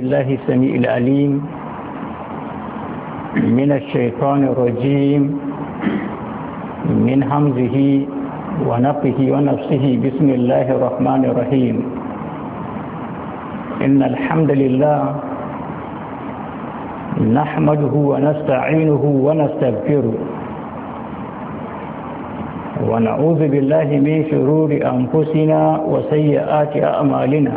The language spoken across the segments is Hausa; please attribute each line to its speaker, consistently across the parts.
Speaker 1: الله السميع العليم من الشيطان الرجيم من حمزه ونقه ونفسه بسم الله الرحمن الرحيم إن الحمد لله نحمده ونستعينه ونستغفره ونعوذ بالله من شرور أنفسنا وسيئات أعمالنا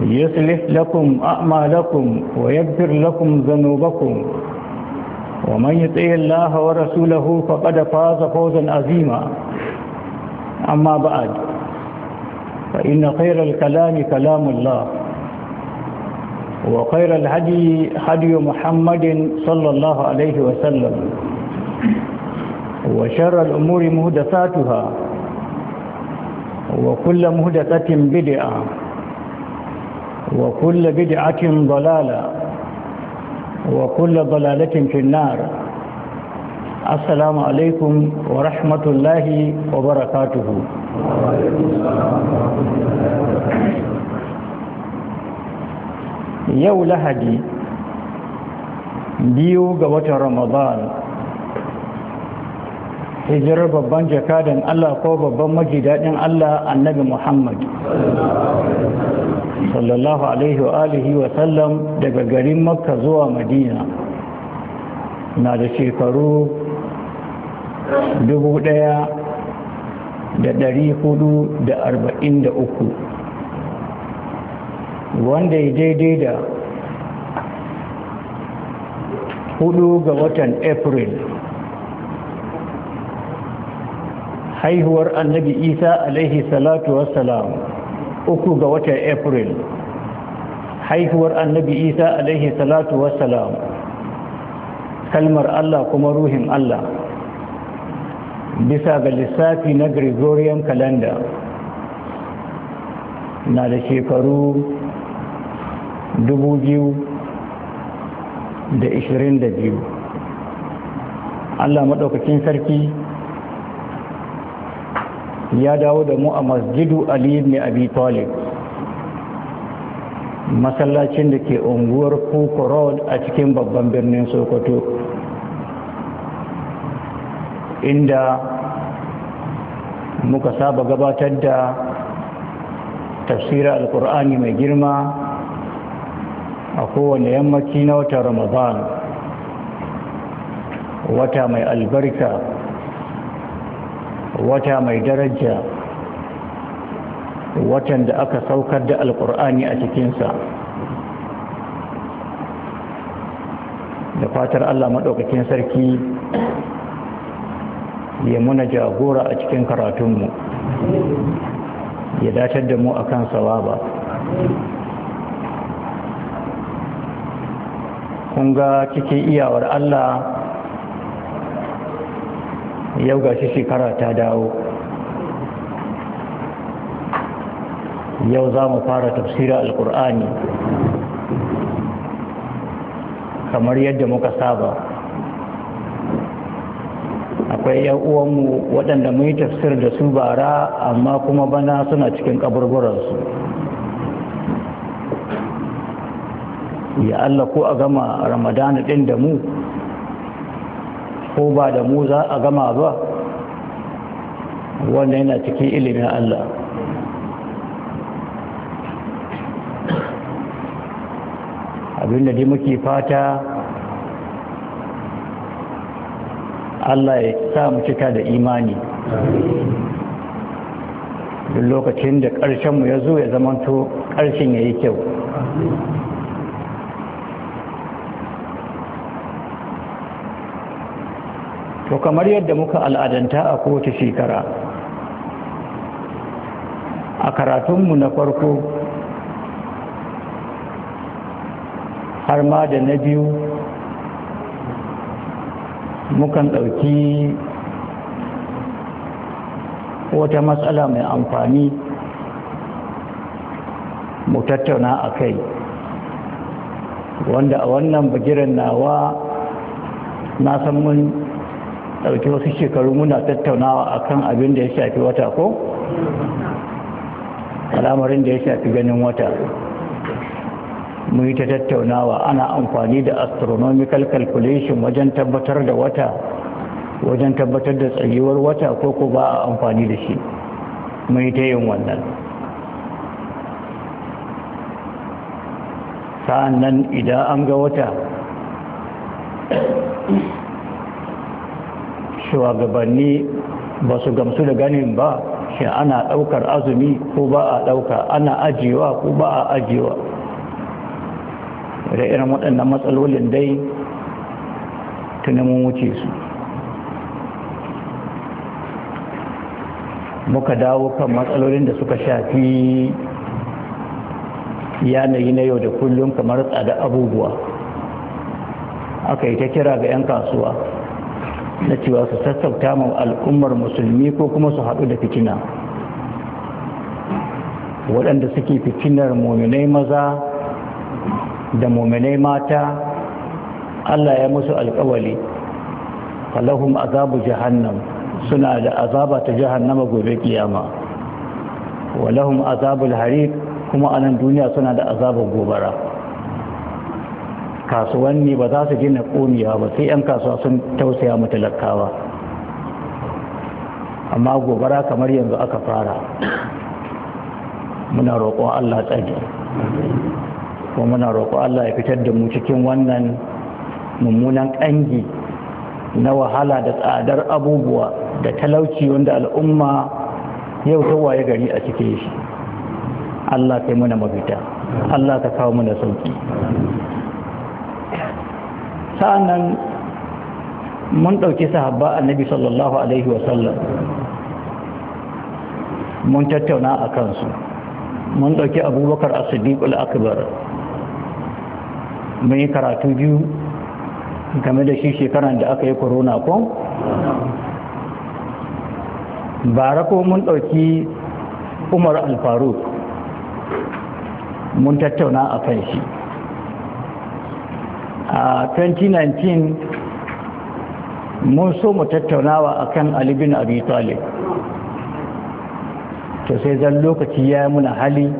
Speaker 1: يصلح لكم أعمالكم ويغفر لكم ذنوبكم ومن يطع الله ورسوله فقد فاز فوزا عظيما أما بعد فإن خير الكلام كلام الله وخير الهدي هدي محمد صلى الله عليه وسلم وشر الأمور مهدساتها وكل مهدسة بدعة وكل بدعة ضلالة وكل ضلالة في النار السلام عليكم ورحمة الله وبركاته يو لهدي biyu ga watan ramadan hijirar babban jakadan allah ko babban maji daɗin allah annabi muhammad sallallahu alaihi wa alihi wa sallam daga garin makka zuwa madina na da shekaru 1443 wanda ya daidai da 4 ga watan april haihuwar annabi isa alaihi salatu wassalam uku ga watan april haihuwar annabi isa alaihi salatu wassalam kalmar allah kuma ruhin allah bisa ga lissafi na gregorian calendar na da shekaru 2022 allah maɗaukakin sarki ya dawo da mu a masjidu ali ibn abi talib masallacin da ke unguwar kuku road a cikin babban birnin sokoto inda muka saba gabatar da tafsirar alkur'ani mai girma a kowane yammaci na watan ramadan wata mai albarka wata mai daraja watan da aka saukar da alkur'ani a cikinsa da fatar allah maɗaukakin sarki ya muna jagora a cikin karatunmu ya datar da mu akan sawaba kun ga cikin iyawar allah yau ga shi shekara ta dawo yau za mu fara tafsirin alkur'ani kamar yadda muka saba akwai uwanmu waɗanda mun yi tafsir da su bara amma kuma bana suna cikin kaburburansu ya Allah ko a gama ramadana ɗin da mu ko ba da mu za a gama ba wanda yana cikin ilimin Allah abinda dai muke fata Allah ya sa mu cika da imani duk lokacin da ƙarshenmu ya zo ya zamanto ƙarshen ya yi kyau kamar yadda muka al'adanta a kowace shekara a karatunmu na farko har ma da na biyu mukan ɗauki wata matsala mai amfani mu tattauna a kai wanda a wannan bagiran nawa na san mun ɗauki wasu shekaru muna tattaunawa akan abin da ya shafi wata ko al'amarin da ya shafi ganin wata mu yi ta tattaunawa ana amfani da astronomical calculation wajen tabbatar da wata wajen tabbatar da tsayuwar wata ko ko ba a amfani da shi mu yi ta yin wannan sa'an nan idan an ga wata gabanni ba su gamsu da ganin ba shi ana ɗaukar azumi ko ba a ɗauka ana ajiyewa ko ba a ajiyewa da irin waɗannan matsalolin dai tunanin wuce su muka dawo kan matsalolin da suka shafi yanayi na yau da kullum kamar tsada abubuwa aka yi ta kira ga 'yan kasuwa na cewa su sassauta ma al'ummar musulmi ko kuma su haɗu da fitina waɗanda suke fitinar mominai maza da mominai mata allah ya musu alƙawali falahum azabu jahannam suna da azaba ta jahannama gobe kiyama walahum azabul harib kuma anan duniya suna da azabar gobara kasuwanni ba za su gina komiya ba sai 'yan kasuwa sun tausaya matalakawa amma gobara kamar yanzu aka fara muna roƙon allah tsaye ko muna roƙon allah ya fitar da mu cikin wannan mummunan ƙangi na wahala da tsadar abubuwa da talauci wanda al'umma yau ta waye gari a cikin shi Allah kai muna mafita Allah ka kawo muna sauki sa'an mun ɗauki sahabba annabi sallallahu alaihi wasallam mun tattauna a kansu mun ɗauki abubakar asidikul akbar mun yi karatu biyu game da shi shekaran da aka yi korona ko bara ko mun ɗauki umar alfaru mun tattauna a kan shi a 2019 mun so mu tattaunawa a kan bin Abi Talib to sai zan lokaci ya muna hali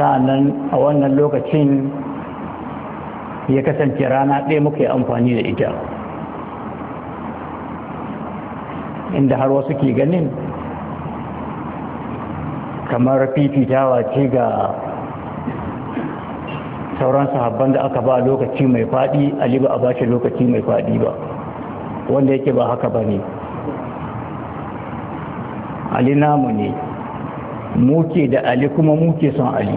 Speaker 1: sa'annan a wannan lokacin ya kasance rana ɗaya muka yi amfani da ita inda har wasu ke ganin kamar fifitawa ce ga sauran sahabban da aka ba lokaci mai faɗi ali ba a ba shi lokaci mai faɗi ba wanda yake ba haka ba ne ali namu ne muke da ali kuma muke son ali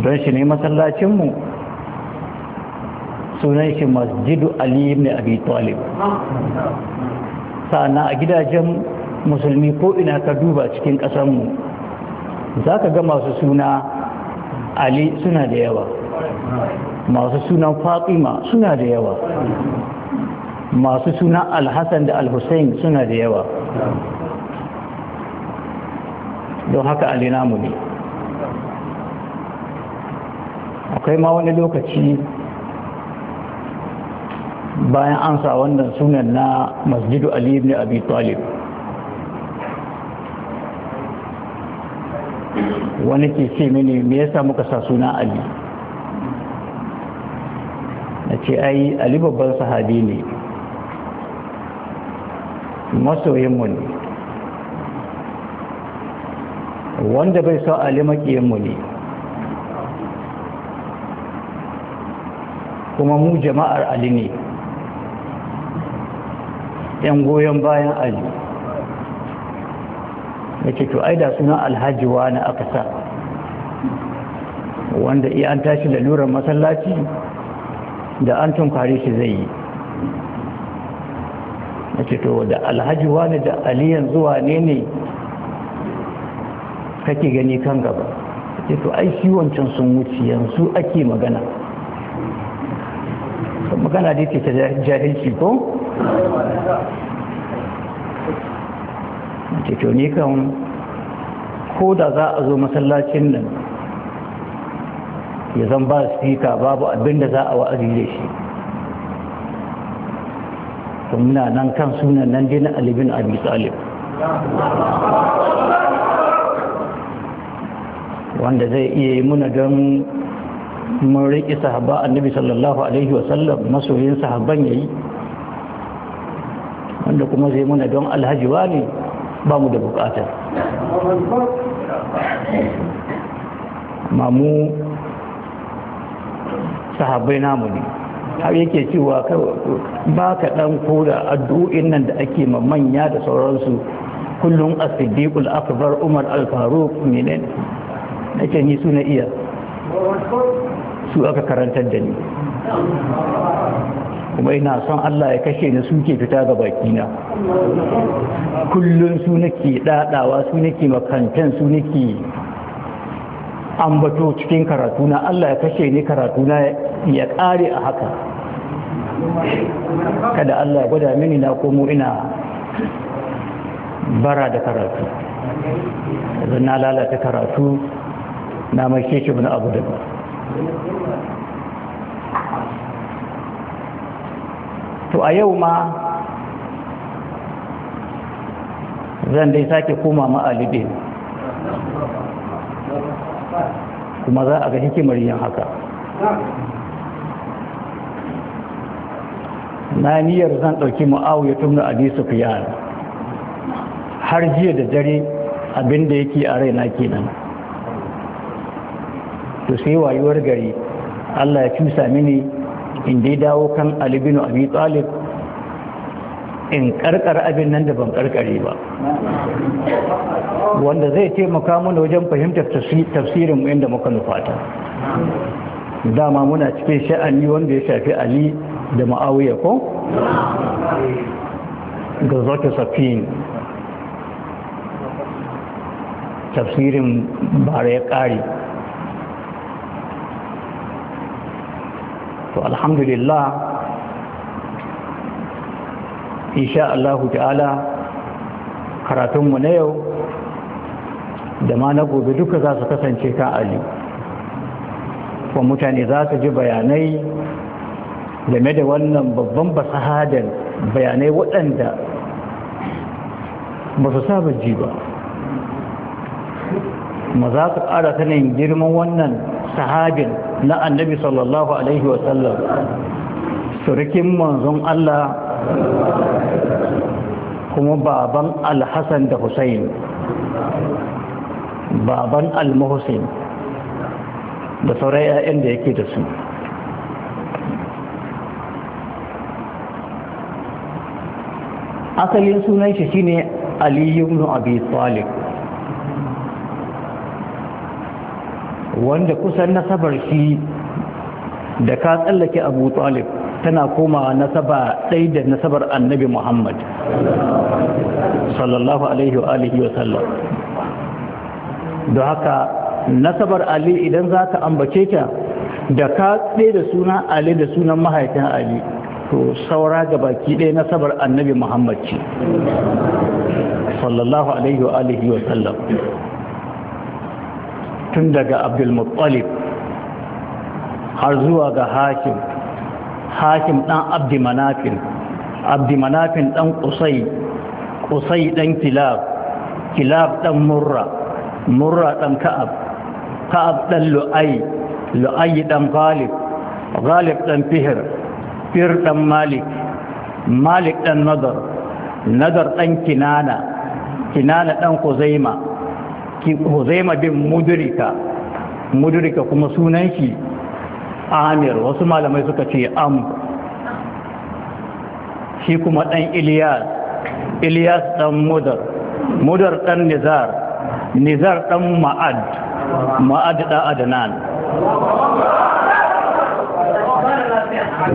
Speaker 1: don shi ne mu sunan shi masjidu ali ne abi talib sa'ana a gidajen musulmi ko ina ka duba cikin ƙasanmu za ka ga masu suna ali suna da yawa masu suna fatima suna da yawa masu suna alhassan da alhussein suna da yawa don haka ali namu ne akwai ma wani lokaci bayan an sa wannan sunan na masjidu ali ibn abi talib wani ke ce mini me yasa muka sa suna ali na ce ai ali babban sahabi ne masoyinmu ne wanda bai so ali maƙiyinmu ne kuma mu jama'ar ali ne 'yan goyon bayan ali ya ce to ai da suna alhaji wani aka sa wanda iya an tashi da lurar masallaci da an tunkare shi zai yi ya ce to da alhaji wani da aliyan zuwa ne ne kake gani kan gaba ya to ai shi wancan sun wuce yanzu ake magana magana dai ce ta jahilci ko ce to ni kan ko da za a zo masallacin nan ya zan ba speaker babu abinda za a wa'azi da shi muna nan kan sunan nan dai na alibin abi talib wanda zai iya yi muna don mun riƙe sahaba annabi sallallahu alaihi wasallam masoyin sahaban yayi wanda kuma zai muna don alhaji ne. ba mu da bukatar mamu sahabai namu ne har yake cewa ba ka dan kura addu'in nan da ake ma manya da sauransu kullum a siddiqul akbar umar al-faruq ne ni suna iya su aka karantar da ni kuma ina son Allah ya kashe ni su ke fita ga bakina kullum su nake dadawa su nake makantan su nake ambato cikin karatuna Allah ya kashe ni karatuna ya kare a haka kada Allah ya gwada mini na komo ina bara da karatu yanzu na lalata karatu na mai shi abu da to a yau ma zan dai sake koma ma'alibe kuma za a ga hikimar yin haka na niyyar zan ɗauki ma'auya tun a abi su har jiya da dare abinda yake a raina kenan to sai wayuwar gari allah ya cusa mini in dai dawo kan Ali Abi Talib in karkar abin nan da ban karkare ba wanda zai taimaka mana wajen fahimtar tafsirin inda muka nufata dama muna cikin sha'ani wanda ya shafi Ali da Muawiya ko ga zoke safin tafsirin bara ya ƙare to alhamdulillah insha Allah ta'ala karatun mu na yau da ma na gobe duka za su kasance ka ali kuma mutane za su ji bayanai game da wannan babban basahadar bayanai waɗanda ba su saba ji ba ma za su ƙara sanin girman wannan sahabin na annabi sallallahu alaihi wasallam surikin manzon Allah kuma baban alhassan da Hussein baban almuhsin da sauran 'ya'yan da yake da su asalin sunan shi shine Ali ibn Abi Talib wanda kusan nasabar shi da ka tsallake abu talib tana koma nasaba ɗai da nasabar annabi muhammad sallallahu alaihi wa alihi wa sallam don haka nasabar ali idan za ka ambace ta da ka ɗai da suna ali da sunan mahaifin ali to saura ga baki ɗaya nasabar annabi muhammad ce sallallahu alaihi wa alihi wa sallam tun daga abdulmuttalib har zuwa ga hakim hakim ɗan Abdi Manafin ɗan kusai, kusai ɗan kilab kilab ɗan murra murra ɗan ka'ab ka'ab ɗan lu'ai lu'ai ɗan ghalib ghalib ɗan fihir fihr ɗan malik malik ɗan nadar nadar ɗan kinana kinana ɗan kuzaima huzaima bin mudrika mudrika kuma sunan shi amir wasu malamai suka ce am shi kuma dan iliyas iliyas dan mudar mudar dan nizar nizar dan ma'ad ma'ad da adnan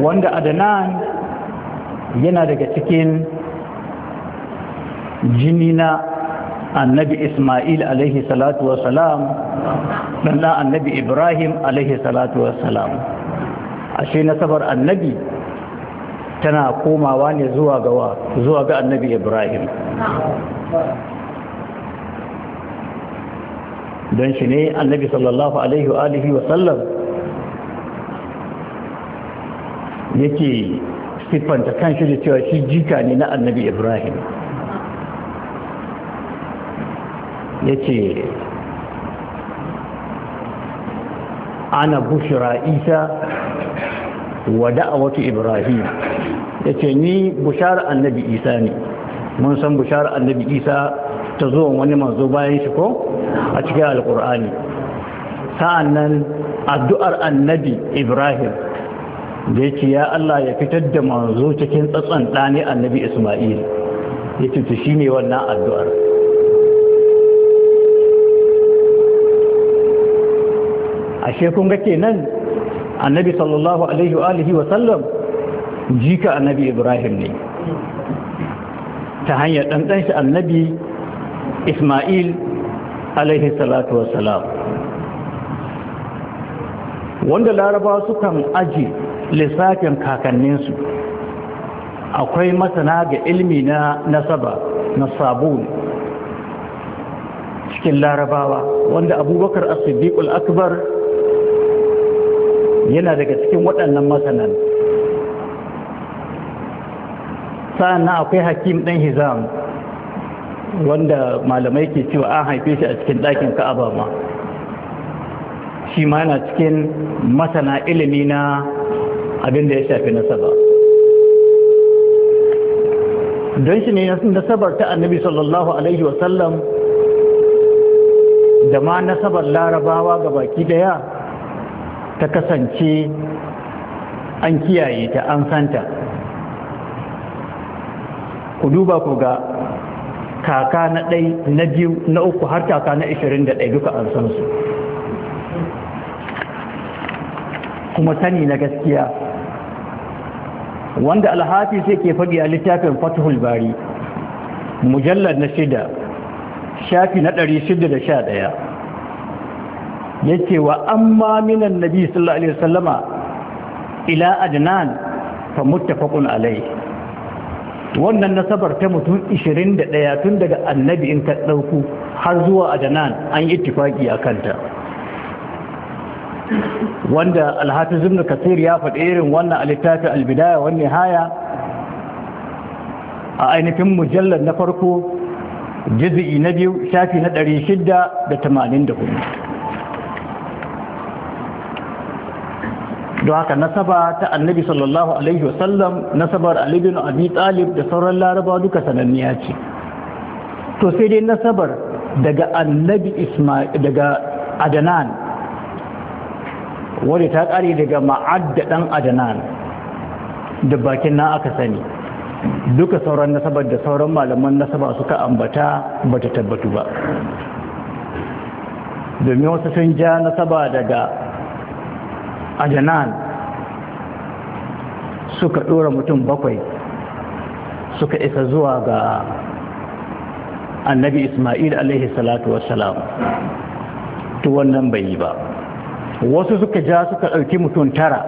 Speaker 1: wanda adnan yana daga cikin jini na annabi ismail alaihi salatu wasalam dan na annabi ibrahim alaihi salatu wasalam ashe nasabar annabi tana komawa ne zuwa ga zuwa ga annabi ibrahim don shi ne annabi sallallahu alaihi wa alihi wasallam yake siffanta kan shi da cewa shi jika ne na annabi ibrahim yace ana bushra isa wa da'awatu ibrahim yace ni bushara annabi isa ne mun san bushara annabi isa ta zuwa wani manzo bayan shi ko a cikin alkur'ani sa'annan addu'ar annabi ibrahim da yake ya Allah ya fitar da manzo cikin tsatsan ɗani annabi isma'il ya tuta shi ne wannan addu'ar ashe kun ga kenan annabi sallallahu alaihi wa alihi wa sallam jika annabi ibrahim ne ta hanyar ɗanɗan shi annabi ismail alaihi salatu wa salam wanda larabawa sukan aji lissafin kakanninsu akwai masana ga ilmi na nasaba na sabon cikin larabawa wanda abubakar as-siddiq al-akbar yana daga cikin waɗannan masanan sa'an akwai hakim ɗan hizam wanda malamai ke cewa an haife shi a cikin ɗakin ka'aba ma shi ma yana cikin masana ilimi na abin da ya shafi nasaba don shi ne nasabar ta annabi sallallahu alaihi wasallam da ma nasabar larabawa ga baki daya ta kasance an kiyaye ta an santa ku duba ku ga kaka na ɗai na biyu na uku har kaka na ɗai duka an san su kuma sani na gaskiya wanda alhafi sai ke faɗi a littafin fatihul bari mujallar na shida shafi na ɗari da sha ɗaya. yace wa amma minan nabi sallallahu alaihi wasallama ila adnan fa muttafaqun alaihi wannan nasabar ta mutum 21 tun daga annabi in ka dauko har zuwa adnan an yi ittifaki akan ta wanda Alhaji ibn kasir ya faɗi irin wannan alittafi albidaya wan nihaya a ainihin mujallar na farko jizi'i na biyu shafi na 684 don haka nasaba ta annabi sallallahu alaihi wasallam nasabar alibin abi talib da sauran laraba duka sananniya ce to sai dai nasabar daga annabi ismail daga adanan wadda ta kare daga ma'adda dan adanan da bakin na aka sani duka sauran nasabar da sauran malaman nasaba suka ambata bata tabbatu ba domin wasu sun ja nasaba daga ajanan suka ɗora mutum bakwai suka isa zuwa ga annabi ismail alaihi salatu salam, to wannan bai yi ba wasu suka ja suka ɗauki mutum tara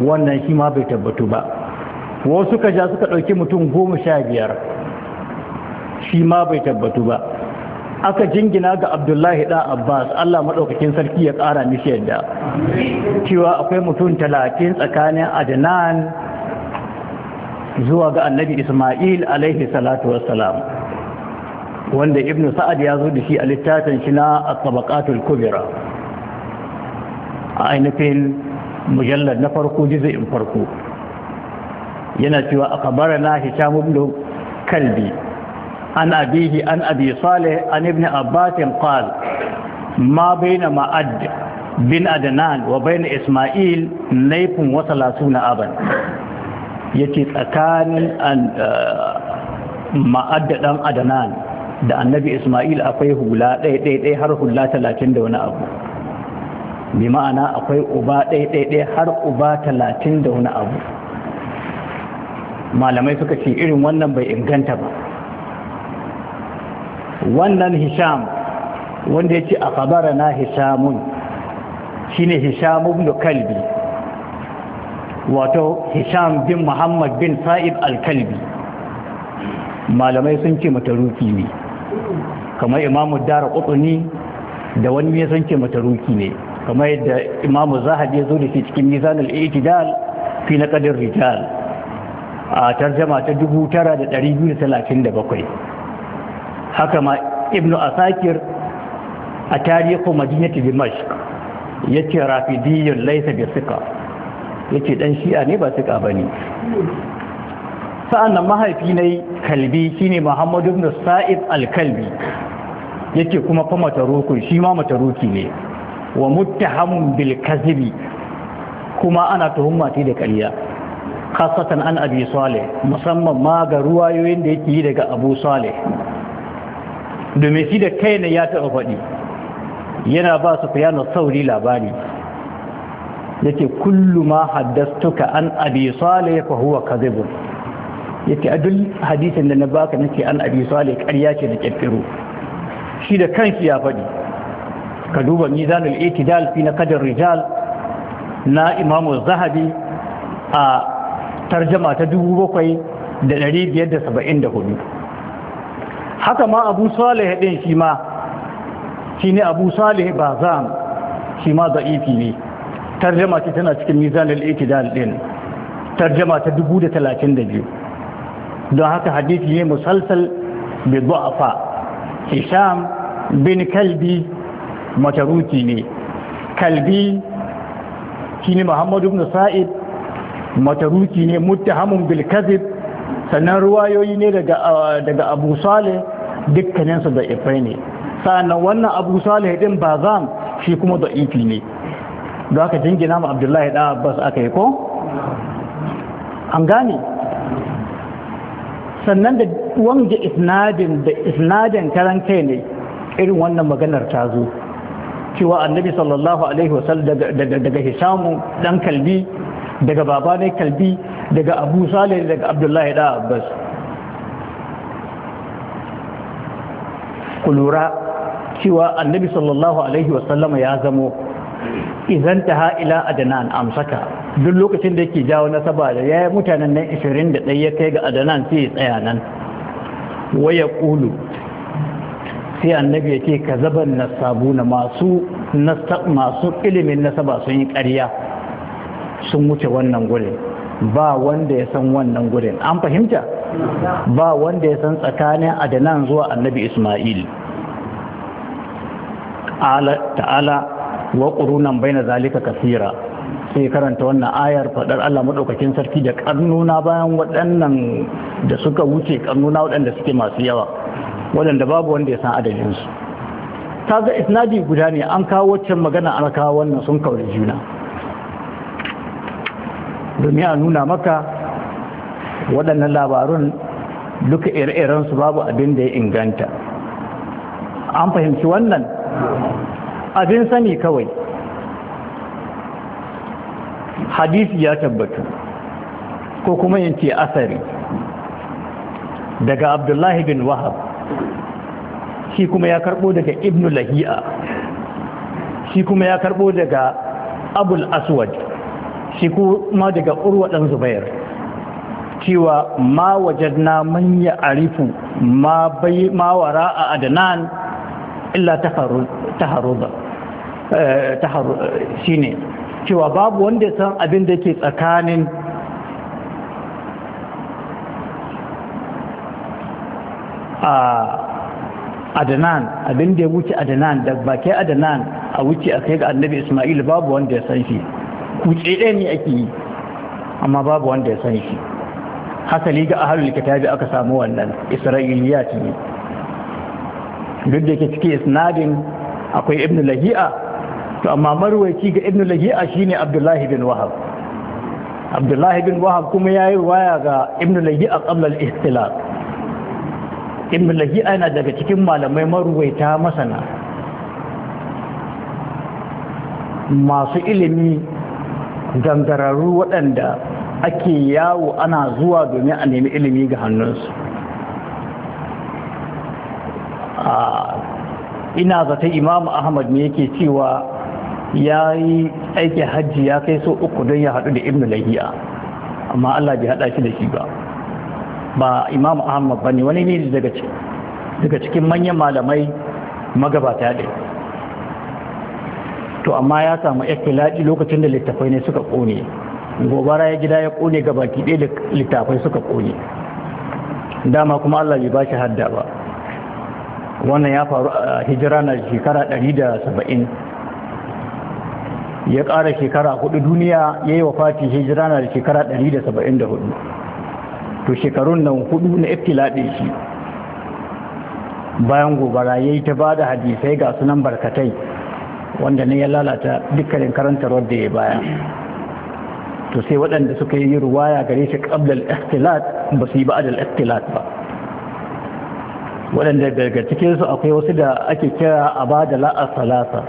Speaker 1: wannan shi ma bai tabbatu ba wasu suka ja suka ɗauki mutum goma sha biyar shi ma bai tabbatu ba aka jingina ga abdullahi ɗan abbas allah maɗaukakin sarki ya ƙara mishi yadda cewa akwai mutum talatin tsakanin adnan zuwa ga annabi ismail alaihi salatu wassalam wanda ibn sa'ad ya zo da shi a littafin shi na at-tabaqatul kubra a ainihin mujallar na farko in farko yana cewa akbarana hisham ibn kalbi عن أبيه عن أبي صالح عن ابن عباس قال ما بين معد بن أدنان وبين إسماعيل نيف وثلاثون أبا يتي تكان معد دان أدنان da annabi Ismail akwai hula ɗaiɗaiɗai har hula talatin da wani abu bi ma'ana akwai uba ɗaiɗaiɗai har uba talatin da wani abu malamai suka ce irin wannan bai inganta ba wannan hisham wanda ya ce a kabara na hishamun shi ne hishamun da kalbi wato hisham bin muhammad bin sa'id Alkalbi. malamai sun ce mataruki ne kamar imamu dara ƙutsuni da wani ya sun ce mataruki ne kamar yadda imamu zahabi ya zo da shi cikin nizan al-itidal fi na ƙadar rijal a tarjama ta 9237 haka ma Ibnu asakir a tarihi madinat dimashq yace rafidiyyun laysa bi thiqa yace dan shi'a ne ba thiqa bane sa'annan mahaifi ne kalbi shine muhammad ibn sa'id al-kalbi yake kuma fa matarukun shi ma mataruki ne wa muttahamun bil kazibi kuma ana tuhumma da ƙarya khasatan an abi salih musamman ma ga ruwayoyin da yake yi daga abu salih domin shi da kai ne ya taɓa faɗi yana ba su fiyano sauri labari ce kullu ma haddastuka an abi salih fa huwa Ya ce a duk hadisin da na baka nake an abi salih ƙarya ce da ƙirƙiro. shi da kansu ya faɗi ka duba mizanul itidal fi naqdir rijal na imamu zahabi a tarjama ta hudu. haka ma abu salih ɗin shi ma shi ne abu salih bazan shi ma da'ifi ne tarjama ce tana cikin mizan al ɗin tarjama ta 1032 don haka hadisi ne musalsal bi du'afa hisham bin kalbi mataruki ne kalbi shi ne muhammadu sa'id mataruki ne muttahamun bilkazib. sannan ruwayoyi ne daga abu salih dukkaninsu da ifai ne sannan wannan abu salih din ba zam shi kuma da ifi ne da aka jingina ma abdullahi da abbas aka yi ko an gane sannan da wanda isnadin da isnadin karan kai ne irin wannan maganar ta zo cewa annabi sallallahu alaihi wasallam daga dan kalbi daga baba ne kalbi daga abu salih daga abdullahi da abbas kulura cewa annabi sallallahu alaihi wasallama ya zamo idan ta ha'ila adanan amsaka duk lokacin da yake jawo nasaba da ya mutanen nan 21 ya kai ga adanan sai ya tsaya nan waya kulu sai annabi ya ce ka zaban na masu masu ilimin nasaba sun yi ƙarya sun wuce wannan gurin ba wanda ya san wannan gurin an fahimta ba wanda ya san tsakanin adanan zuwa annabi ismail ta'ala wa ƙurunan bai na zalika kasira sai karanta wannan ayar faɗar Allah maɗaukakin sarki da karnuna bayan waɗannan da suka wuce karnuna waɗanda suke masu yawa waɗanda babu wanda ya san adadinsu ta ga isnadi guda ne an kawo waccan magana an kawo wannan sun kawo juna domin a nuna maka waɗannan labarun duka ire iren su babu abin da ya inganta an fahimci wannan abin sani kawai hadisi ya tabbatu ko kuma yin ce asari daga abdullahi bin wahab shi kuma ya karbo daga ibn Lahiya, shi kuma ya karbo daga abul aswad shi kuma daga urwa ɗan zubair cewa ma wajadna man ya arifu ma bai ma a adnan illa taharuza eh, shine cewa babu wanda ya san abin da ke tsakanin a adanan abin da ya wuce adanan da bakai adanan a wuce a ga annabi ismail babu wanda ya san shi kuce ɗaya ne ake yi amma babu wanda ya san shi hasali ga ahalul kitabi aka samu wannan isra'iliya ne duk da ke cikin isnadin akwai ibn lahi'a to amma marwaci ga ibn lahi'a shine abdullahi bin wahab abdullahi bin wahab kuma yayi yi waya ga ibn lahi'a qabla al-ihtilal ibn lahi'a yana daga cikin malamai marwaita masana masu ilimi gangararru waɗanda ake yawo ana zuwa domin a nemi ilimi ga hannunsu ina zata imamu ahmad ne yake cewa ya yi aiki hajji ya kai so uku don ya haɗu da Ibnu lahiya amma allah bai haɗa shi da shi ba ba Imam ahmad ba ne wani ne daga cikin manyan malamai magabata ɗaya to amma ya samu ikhtilaji lokacin da littafai ne suka kone gobara ya gida ya kone ga baki ɗaya littafai suka kone dama kuma Allah bai bashi hadda ba wannan ya faru a hijira na shekara 170 ya ƙara shekara hudu duniya ya yi wafati hijira na shekara 174 to shekarun nan hudu na iftilaɗe shi bayan gobara ya yi ta bada da hadisai ga sunan barkatai wanda ne ya lalata dukkanin karantarwar da ya baya to sai waɗanda suka yi ruwaya gare shi ƙablal ikhtilat ba su yi ba'adal ikhtilat ba waɗanda daga cikinsu akwai wasu da ake kira a ba da salasa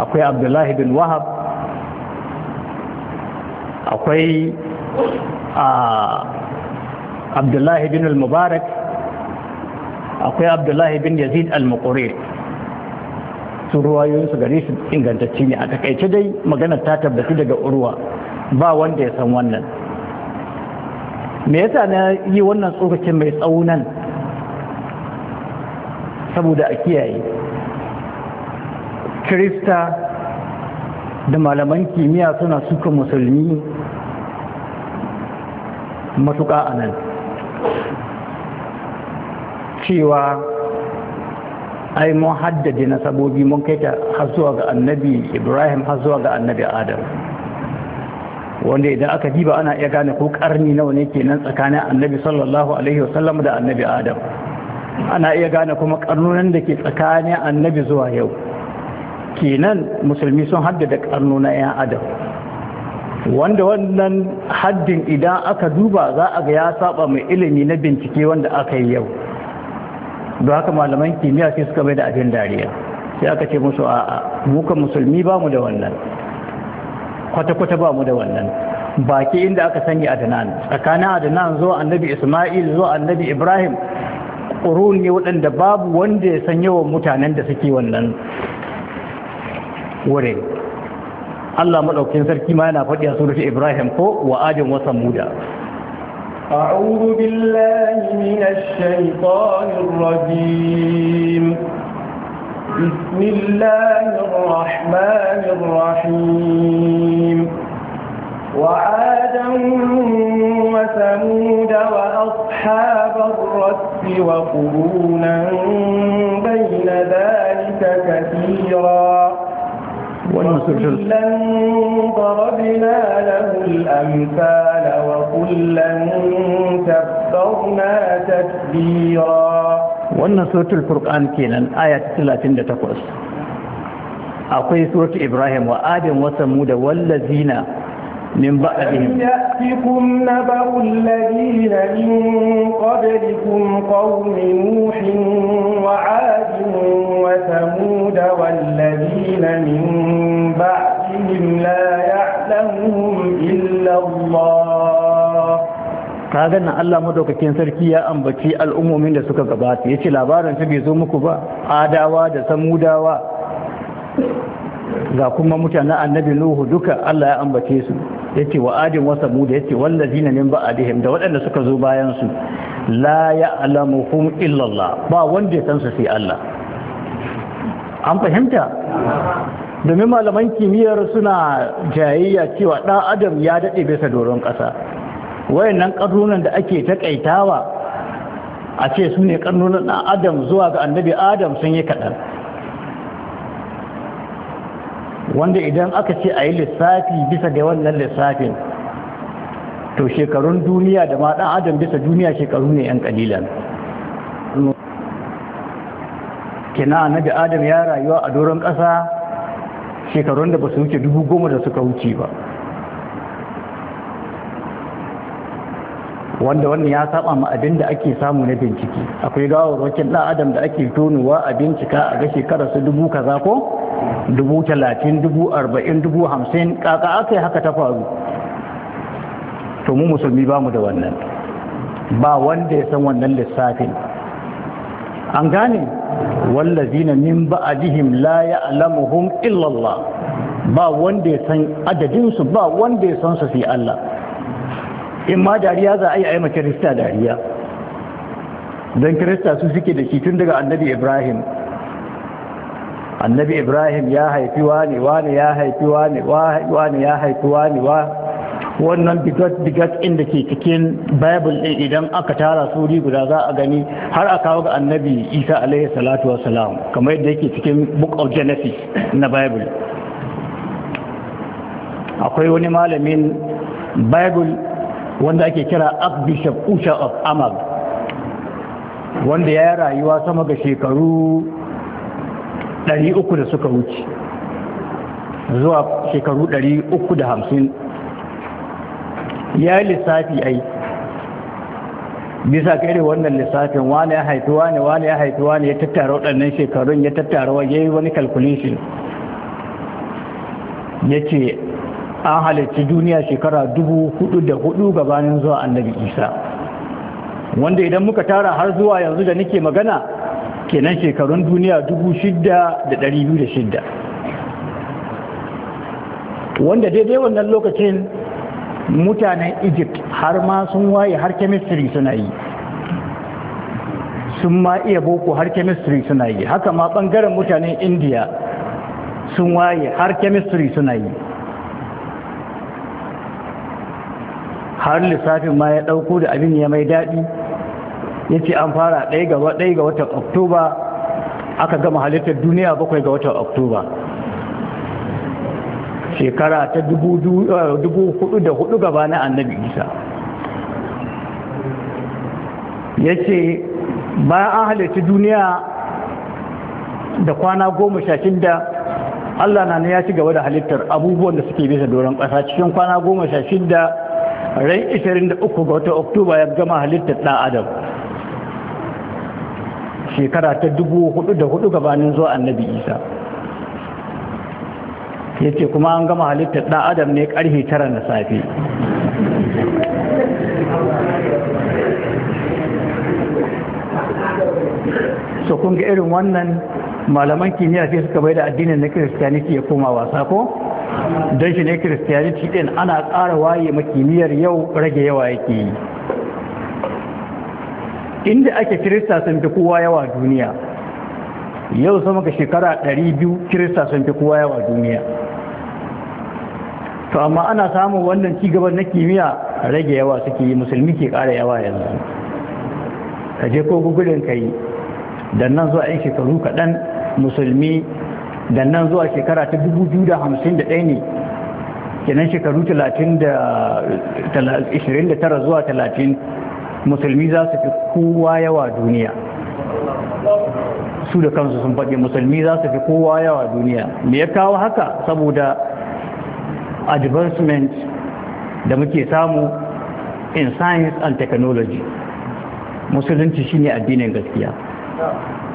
Speaker 1: akwai abdullahi bin wahab akwai abdullahi bin al-mubarak akwai abdullahi bin yazid al-muqrir su ruwayoyinsu gare su ingantacci ne a takaice dai magana ta tabbatu daga urwa ba wanda ya san wannan me yasa na yi wannan tsokacin mai tsaunan saboda a kiyaye krista da malaman kimiyya suna suka musulmi matuƙa a nan cewa ai mun haddade nasabobi mun kai ta har zuwa ga annabi ibrahim har zuwa ga annabi adam wanda idan aka diba ana iya gane ko karni nawa ne nan tsakanin annabi sallallahu alaihi wasallam da annabi adam ana iya gane kuma karnunan da ke tsakanin annabi zuwa yau kenan musulmi sun haddada karnuna ya adam wanda wannan haddin idan aka duba za a ga ya saba mai ilimi na bincike wanda aka yi yau don haka malaman kimiyya sai suka bai da abin dariya sai aka ce musu a mukan musulmi ba mu da wannan kwata-kwata ba mu da wannan baki inda aka sanya adnan tsakanin adnan zuwa annabi isma'il zuwa annabi ibrahim ƙurun ne waɗanda babu wanda ya sanya wa mutanen da suke wannan wurin Allah maɗaukin sarki ma yana faɗi a surutu Ibrahim ko wa ajin wasan muda
Speaker 2: أعوذ بالله من الشيطان الرجيم بسم الله الرحمن الرحيم وعادا وثمود وأصحاب الرس وقرونا بين ذلك كثيرا وكلا ضربنا له wannan
Speaker 1: suratul furqan kenan aya ta 38 akwai suratul ibrahim wa adam mu da wallazina من بعدهم
Speaker 2: يأتكم نبأ الذين من قبلكم قوم نوح وعاد وثمود والذين من بعدهم لا يعلمهم إلا الله
Speaker 1: kaga nan Allah madaukakin sarki ya ambaci al'ummomin da suka gabata yace labarin su bai zo muku ba adawa da samudawa ga kuma mutanen annabi nuhu duka Allah ya ambace su yace wa adin wa samud yace wallazina min ba'dihim da waɗanda suka zo bayan su la ya'lamuhum illa Allah ba wanda ya san su sai Allah an fahimta domin malaman kimiyyar suna jayayya cewa ɗan adam ya daɗe bisa doron ƙasa wayannan ƙarnunan da ake takaitawa a ce su ne ƙarnunan adam zuwa ga annabi adam sun yi kaɗan wanda idan aka ce a yi lissafi bisa da wannan lissafin to shekarun duniya da ma dan adam bisa duniya shekaru ne yan kalilan kina na da adam ya rayuwa a doron kasa shekarun da ba su wuce dubu goma da suka wuce ba wanda wannan ya saba ma abin da ake samu na bincike akwai gawarwakin ɗan adam da ake tonowa a bincika a ga shekara su dubu kaza ko dubu talatin dubu arba'in dubu hamsin kaka aka yi haka ta faru to mu musulmi ba mu da wannan ba wanda ya san wannan lissafin an gane wallazina min ba'dihim la ya'lamuhum illa Allah ba wanda ya san adadin su ba wanda ya san su sai Allah in ma dariya za a yi ayyama kirista dariya don kirista su suke da shi tun daga annabi ibrahim annabi ibrahim ya haifi wani wani ya haifi wani wani ya haifi wani wa wannan bigot-bigot inda ke cikin bible din idan aka tara suri guda za a gani har a kawo ga annabi isa alaihi salatu wasalam kamar yadda yake cikin book of genesis na bible akwai wani malamin bible wanda ake kira archbishop usha of amag wanda ya rayuwa sama ga shekaru 300 da suka wuce zuwa shekaru 350 ya yi lissafi ai bisa kare wannan lissafin wani ya haifi wani wani ya haifi wani ya tattara waɗannan shekarun ya tattara wa ya yi wani calculation ya ce an halarci duniya shekara dubu da gabanin zuwa annabi isa wanda idan muka tara har zuwa yanzu da nake magana kenan shekarun duniya dubu shidda da biyu da wanda daidai wannan lokacin mutanen egypt har ma sun waye har chemistry suna yi sun ma iya boko har chemistry suna yi haka ma bangaren mutanen india sun waye har chemistry suna yi har lissafin ma ya dauko da abin ya mai daɗi ya ce an fara ɗaya ga watan oktoba aka gama halittar duniya bakwai ga watan oktoba shekara ta dubu hudu eh, da hudu gaba na annabi isa ya ce bayan an halittar duniya da kwana goma sha allah na ya ci gaba da halittar abubuwan da suke bisa doron ƙasa cikin kwana goma sha shidda rai 23 ga watan oktoba ya gama halittar ɗan adam shekara ta dubu hudu da hudu gabanin zuwa annabi isa ya ce kuma an gama halittar ɗan adam ne ƙarfe tara na safe so kun ga irin wannan malaman kimiyya sai suka bai da addinin na kiristiyaniti ya koma wasa ko don shi ne kiristiyaniti ɗin ana ƙara waye makimiyyar yau rage yawa yake yi inda ake kirista sun fi kowa yawa duniya yau sama ga shekara 200 kirista sun fi kowa yawa duniya to amma ana samun wannan cigaban na kimiyya rage yawa suke yi musulmi ke ƙara yawa yanzu ka je ko gugulin ka yi dan nan zuwa yan shekaru kaɗan musulmi dan nan zuwa shekara ta 251 ne kenan shekaru 29 zuwa 30 musulmi za su fi kowa yawa duniya su da kansu sun faɗi musulmi za su fi kowa yawa duniya me ya kawo haka saboda advancement da muke samu in science and technology musulunci shine addinin gaskiya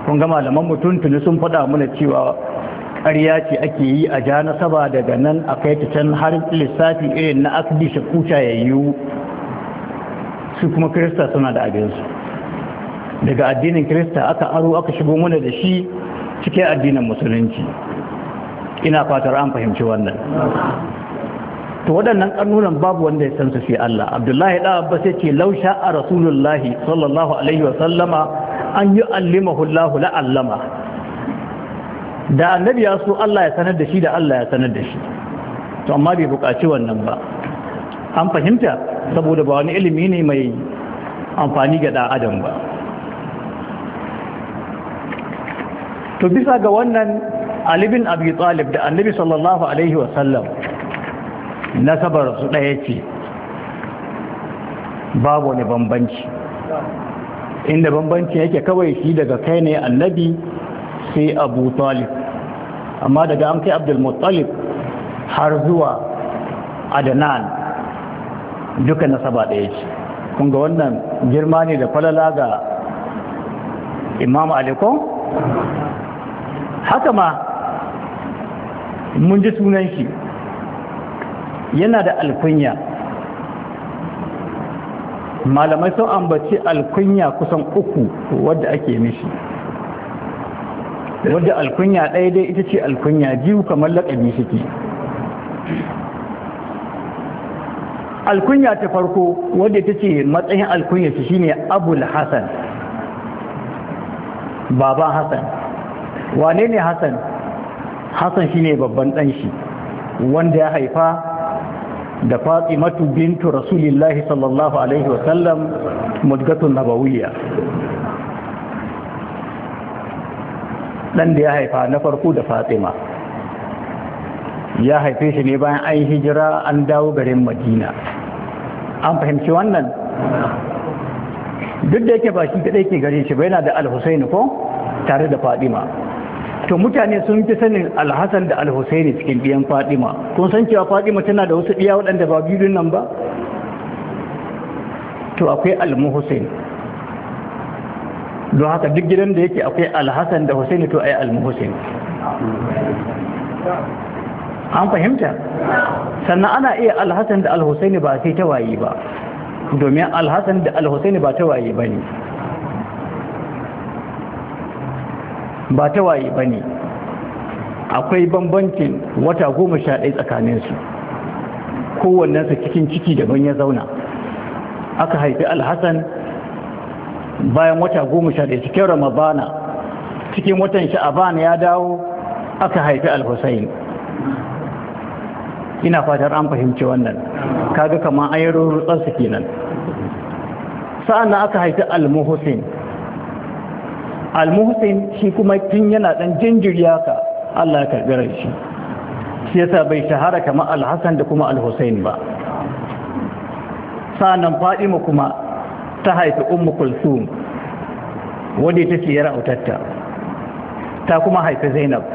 Speaker 1: kun gama malaman mutum tuni sun faɗa muna cewa ƙarya ce ake yi a jana saba daga nan a kai ta can har lissafi irin na akdi shakuta ya yiwu su kuma kirista suna da abinsu daga addinin kirista aka aro aka shigo mana da shi cikin addinin musulunci ina fatar an fahimci wannan to waɗannan ƙarnunan babu wanda ya san su fi Allah abdullahi da abbas ce lausha a rasulullahi sallallahu alaihi wa sallama an yi allimahu Allahu la da annabi ya so Allah ya sanar da shi da Allah ya sanar da shi to amma bai buƙaci wannan ba an fahimta saboda ba wani ilimi ne mai amfani ga ɗan adam ba to bisa ga wannan alibin abu talib da annabi sallallahu alaihi wasallam nasabar su ɗaya ce babu wani bambanci inda bambanci yake kawai shi daga kai ne annabi sai abu talib amma daga an kai abdulmuttalib har zuwa adanan duka nasaba ɗaya ce kun ga wannan girma ne da falala ga imam aliko haka ma mun ji sunan shi yana da alkunya malamai sun ambaci alkunya kusan uku wadda ake mishi wadda alkunya ɗaya dai ita ce alkunya biyu kamar laƙabi shi alkunya ta farko wadda ta ce matsayin alkunya shi, shine abul hasan baban hasan wane ne hasan hasan shine babban dan shi wanda ya haifa da fatimatu bintu rasulillahi sallallahu alaihi wasallam mujgatun nabawiyya dan da ya haifa na farko da fatima ya haife shi ne bayan an hijira an dawo garin madina an fahimci wannan duk da yake ba shi kadai ke gare shi ba yana da al ko tare da fadima to mutane sun fi sanin al-hasan da al cikin biyan fadima kun san cewa fadima tana da wasu biya waɗanda ba biyu nan ba to akwai al-muhsin don haka duk gidan da yake akwai al-hasan da husaini to ai al-muhsin an fahimta sannan ana iya alhassan da alhussaini ba sai ta waye ba domin alhassan da alhussaini ba ta waye ba ne ba ta waye ba ne akwai bambancin wata goma sha ɗaya tsakaninsu kowannensa cikin ciki daban ya zauna aka haifi alhassan bayan wata goma sha ɗaya cikin ramadana cikin watan sha'aban ya dawo aka haifi alhussaini ina fatar an fahimci wannan kaga kamar ayarin su kenan sa'an aka haifi al-muhsin al-muhsin shi kuma tun yana dan jinjiriya ka Allah ya karbi shi shi yasa bai shahara kamar al da kuma al ba sa'an Fadima kuma ta haifi ummu kulsum wadda ta ce ya ta kuma haifi zainab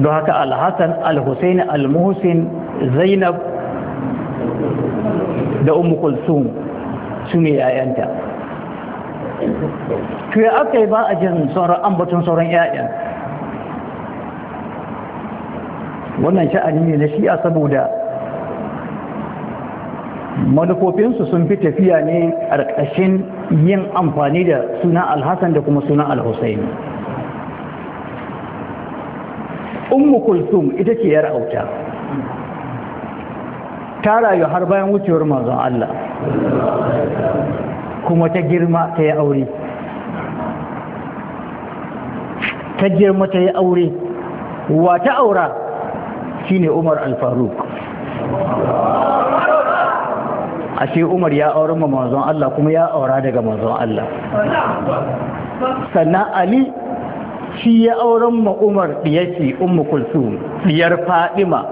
Speaker 1: don haka alhassan alhussein almuhsin zainab da umu kulsum su yayanta tuya aka yi ba a jin sauran ambaton sauran yayan wannan sha'ani ne na shi'a saboda manufofinsu sun fi tafiya ne a ƙarƙashin yin amfani da suna alhassan da kuma suna alhussein ummu kulsum ita ce yar auta ta rayu har bayan wucewar manzon Allah kuma ta girma ta yi aure ta girma ta yi aure wa ta aura shine Umar al-Faruq ashe Umar ya aure ma manzon Allah kuma ya aura daga manzon Allah sannan Ali shi ya auren ma Umar ɗiyaki umu kulsu diyar Fadima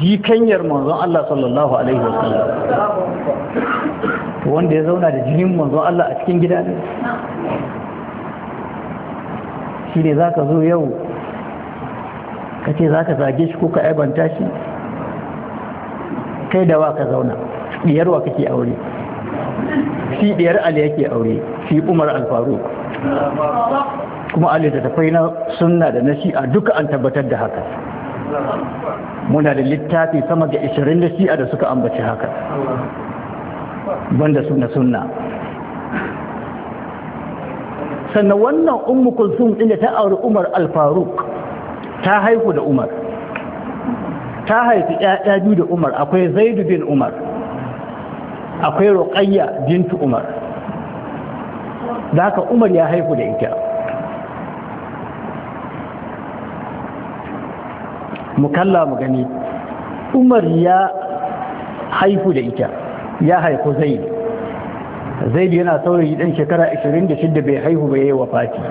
Speaker 1: jikanyar manzon Allah sallallahu alaihi wasallam wanda ya zauna da jinin manzon Allah a cikin gida ne shi ne zaka zo yau ka ce zaka zage shi ko ka aibanta shi kai da wa ka zauna Ɗiyar wa kake aure shi ɗiyar Ali yake aure shi Umar Al-Faruq kuma a littattafai na sunna da na shi'a duka an tabbatar da haka muna da littafi sama da ishirin da shi'a da suka ambaci haka banda sunna sunna sannan wannan ummu kulsum ɗin da ta auri umar alfaruk ta haihu da umar ta haifi 'ya'ya biyu da umar akwai zaidu bin umar akwai roƙayya bintu umar da haka umar ya haihu da ita mukalla mu gani umar ya haifu da ita ya haifu zaid zaid yana saurayi dan shekara 26 bai haihu ba yayi wafati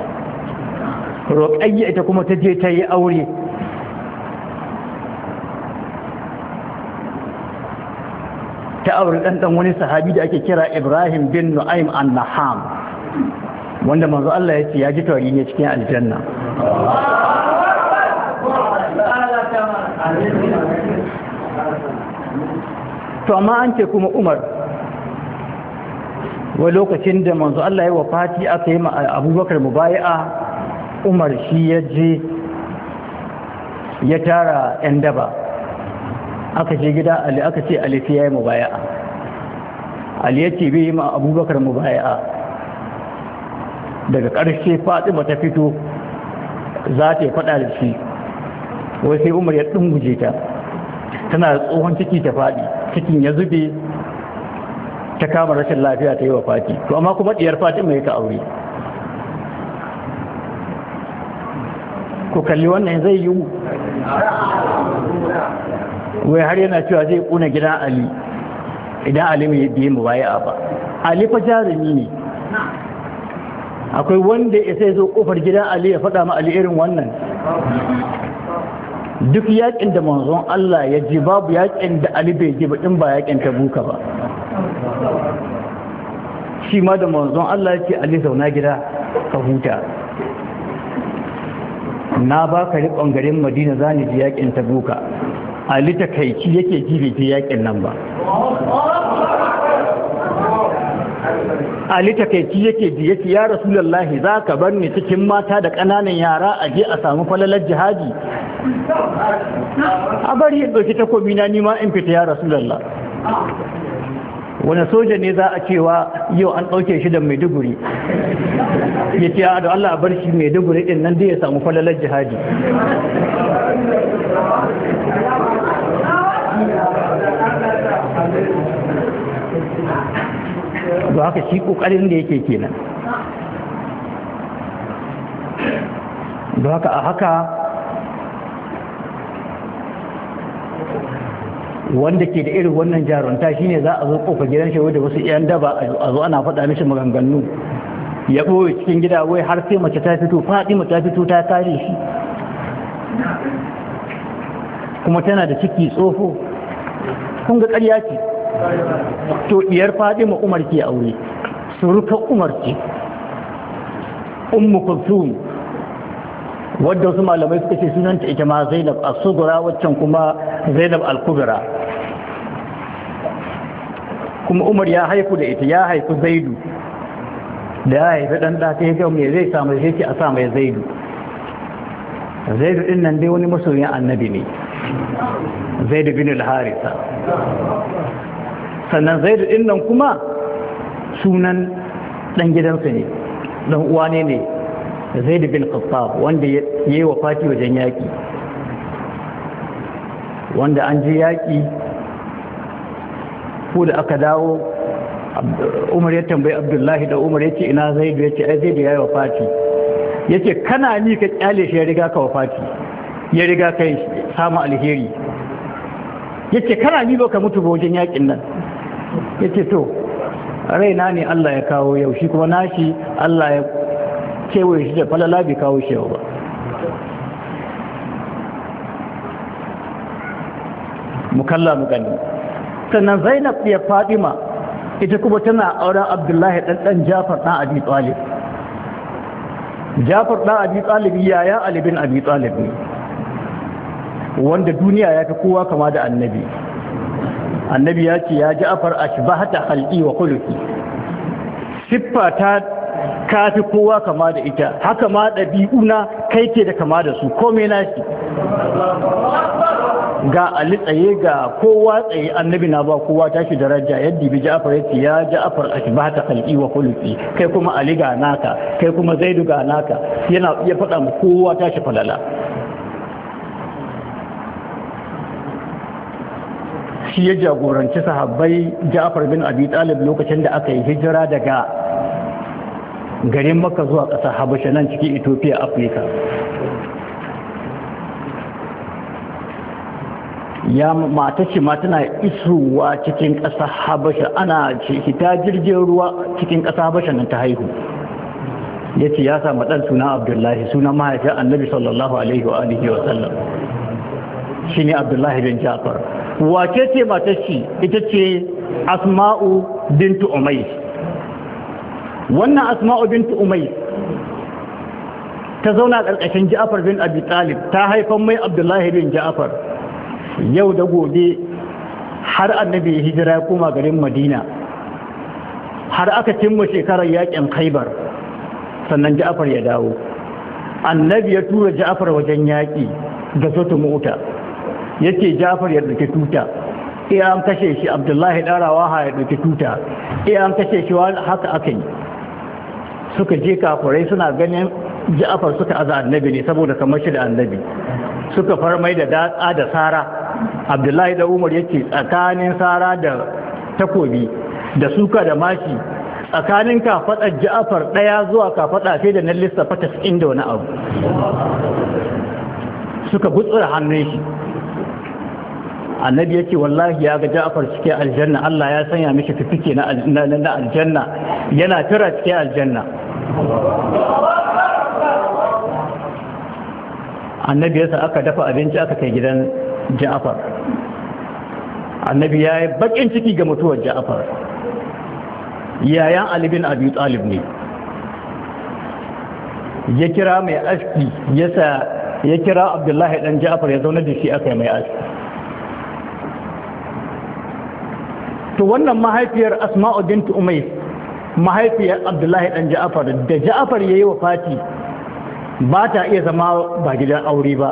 Speaker 1: roƙayya ita kuma ta je ta yi aure ta aure ɗanɗan wani sahabi da ake kira ibrahim bin nu'aim an-naham wanda manzo Allah ya ce ya ji tauri ne cikin aljanna to amma an ce kuma umar wa lokacin da manzo Allah ya wafati aka yi abubakar mubayi'a umar shi ya je ya tara 'yan daba aka ce gida ali aka ce alifi ya yi mubayi'a ali ya ce bai yi ma abubakar mubayi'a daga ƙarshe fatima ta fito za ta yi faɗa da shi wai sai umar ya dunguje ta tana tsohon ciki ta faɗi cikin ya zube ta kama rashin lafiya ta yi wa fati to amma kuma ɗiyar fati mai ta aure ko kalli wannan zai yi wai har yana cewa zai kuna gidan ali idan ali mai biye mu baya ba ali fa jarumi ne akwai wanda ya sai zo ƙofar gidan ali ya faɗa ma ali irin wannan duk yakin da manzon Allah ya ji babu yakin da Ali bai ji in ba yakin Tabuka ba shi ma da manzon Allah ya ce Ali zauna gida ka huta na baka riƙon garin Madina zani ji yakin Tabuka Ali ta kaici yake ji bai ji yakin nan ba Ali ta ki yake ji yake ya Rasulullahi za ka bar ni cikin mata da ƙananan yara a je a samu falalar jihadi a bari yin ɗauki takobi na nima in fita ya rasu lalla. wani soja ne za a cewa yau an ɗauke shi da maiduguri ya ce a da Allah a bar shi maiduguri ɗin nan dai ya samu falalar jihadi da haka shi ƙoƙarin da yake kenan
Speaker 3: da haka a haka
Speaker 1: wanda ke da irin wannan jarunta shine za a zo kofa gidan shi da wasu yan daba a zo ana faɗa mishi maganganu ya ɓoye cikin gida wai har sai mace ta fito fatima ta fito ta kare shi kuma tana da ciki tsofo kun ga ƙarya ce to diyar fatima umar ke aure surukan umar ce ummu kulthum wadda wasu malamai suka ce sunanta ita ma zainab as-sugra waccan kuma zainab al-kubra kuma umar ya haiku da ita ya haiku zaidu da ya haifi dan da sai kyau mai zai samu ya ce a sa mai zaidu zaidu ɗin nan dai wani masoyin annabi ne zaidu bin al sannan zaidu ɗin nan kuma sunan ɗan gidansa ne Ɗan uwa ne ne zaidu bin qattab wanda ya yi wa Fati wajen yaƙi. wanda an je yaƙi. ko da aka dawo umar ya tambayi abdullahi da umar ya ce ina zaidu ya ce ai zaidu ya yi wafati ya ce kana ni ka kyale shi ya riga ka wafati ya riga ka samu alheri ya ce kana ni ka mutu ba wajen yakin nan ya ce to raina ne Allah ya kawo yau shi kuma nashi Allah ya kewaye shi da falala bai kawo shi yau ba mukalla mu gani sannan zainab ya fadima ita kuma tana auren abdullahi ɗanɗan jafar ɗan abi ɗalib. jafar ɗan abi ɗalib yayan alibin abi ɗalib ne wanda duniya ya fi kowa kama da annabi annabi ya ce ya ja'far ashbahata halqi wa khuluqi siffa ta kafi kowa kama da ita haka ma ɗabi'una kai ke da kama da su komai nashi ga ali tsaye ga kowa tsaye annabi na ba kowa tashi daraja yadda bi ja'far yace ya ja'far ashbata qalbi wa khuluqi kai kuma ali ga naka kai kuma zaidu ga naka yana ya faɗa mu kowa tashi falala shi ya jagoranci sahabbai ja'far bin abi talib lokacin da aka yi hijira daga garin makka zuwa ƙasar habasha nan cikin ethiopia afirka ya mata ce ma tana isowa cikin ƙasa habasha ana ce ta jirgin ruwa cikin ƙasa habasha nan ta haihu ya ce ya samu ɗan suna abdullahi suna mahaifin annabi sallallahu alaihi wa alihi wa sallam shi ne abdullahi bin jafar wace ce mata shi ita ce asma'u bintu umai wannan asma'u bintu umai ta zauna ƙarƙashin ja'far bin abi talib ta haifan mai abdullahi bin ja'far yau da gobe har annabi ya hijira ya koma garin madina har aka cimma shekarar yakin khaibar sannan ja'afar ya dawo annabi ya tura ja'afar wajen yaƙi da sotu mota ya ce ja'afar ya ɗauki tuta iya an kashe shi abdullahi ɗarawa ha ya ɗauki tuta iya an kashe shi haka aka yi suka je kafurai suna ganin ja'afar suka aza annabi ne saboda kamar shi da annabi suka farmai da datsa da sara abdullahi da umar yake tsakanin sara da takobi da suka da mashi tsakanin kafaɗar ja'afar ɗaya zuwa kafaɗa sai da nan lissafa tas'in da wani abu suka gutsura hannun shi annabi yake wallahi ya ga ja'afar cikin aljanna Allah ya sanya mishi fifike na aljanna yana tara cikin aljanna annabi yasa aka dafa abinci aka kai gidan ja'afar annabi ya yi bakin ciki ga mutuwar ja'afar yayan alibin abi talib ne ya kira mai aski yasa ya kira abdullahi dan ja'afar ya zaune da shi aka mai aski to wannan mahaifiyar asma'u bint umayr mahaifiyar abdullahi dan ja'afar da ja'afar yayi wafati ba ta iya zama ba gidan aure ba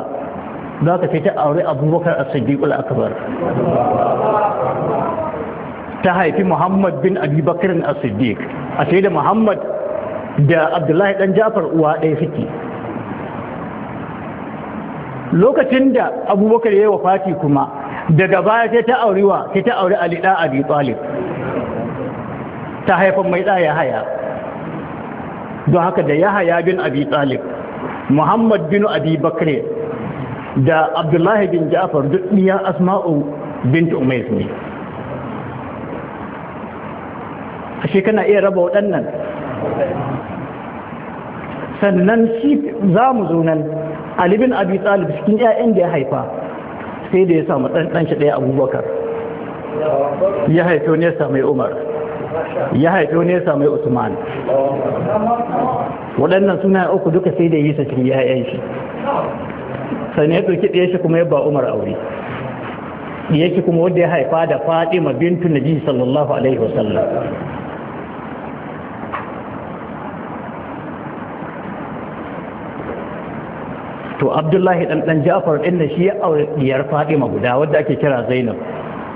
Speaker 1: za ka sai ta aure abubakar a sadiqul akbar ta haifi muhammad bin abubakar a sadiq a sai da muhammad da abdullahi dan jafar uwa ɗaya suke lokacin da abubakar ya yi wa fati kuma daga baya sai ta aurewa sai ta aure ali ɗan abi talib ta haifan mai ya haya don haka da ya haya bin abi talib muhammad bin abi da abdullahi bin ja'far duk niya asma'u bint umais ne ashe kana iya raba waɗannan sannan shi za mu zo nan ali bin abi talib cikin ya'yan da ya haifa sai da ya samu ɗan shi ɗaya abubakar ya haifo ne mai umar ya haifo ne mai usman waɗannan suna uku duka sai da yi sa cikin ya'yan shi sani ya ɗauki ɗaya shi kuma ya ba umar aure ɗaya kuma wanda ya haifa da ma bintu nabi sallallahu alaihi wasallam to abdullahi ɗanɗan dan jafar ɗin da shi ya aure faɗi ma guda wadda ake kira zainab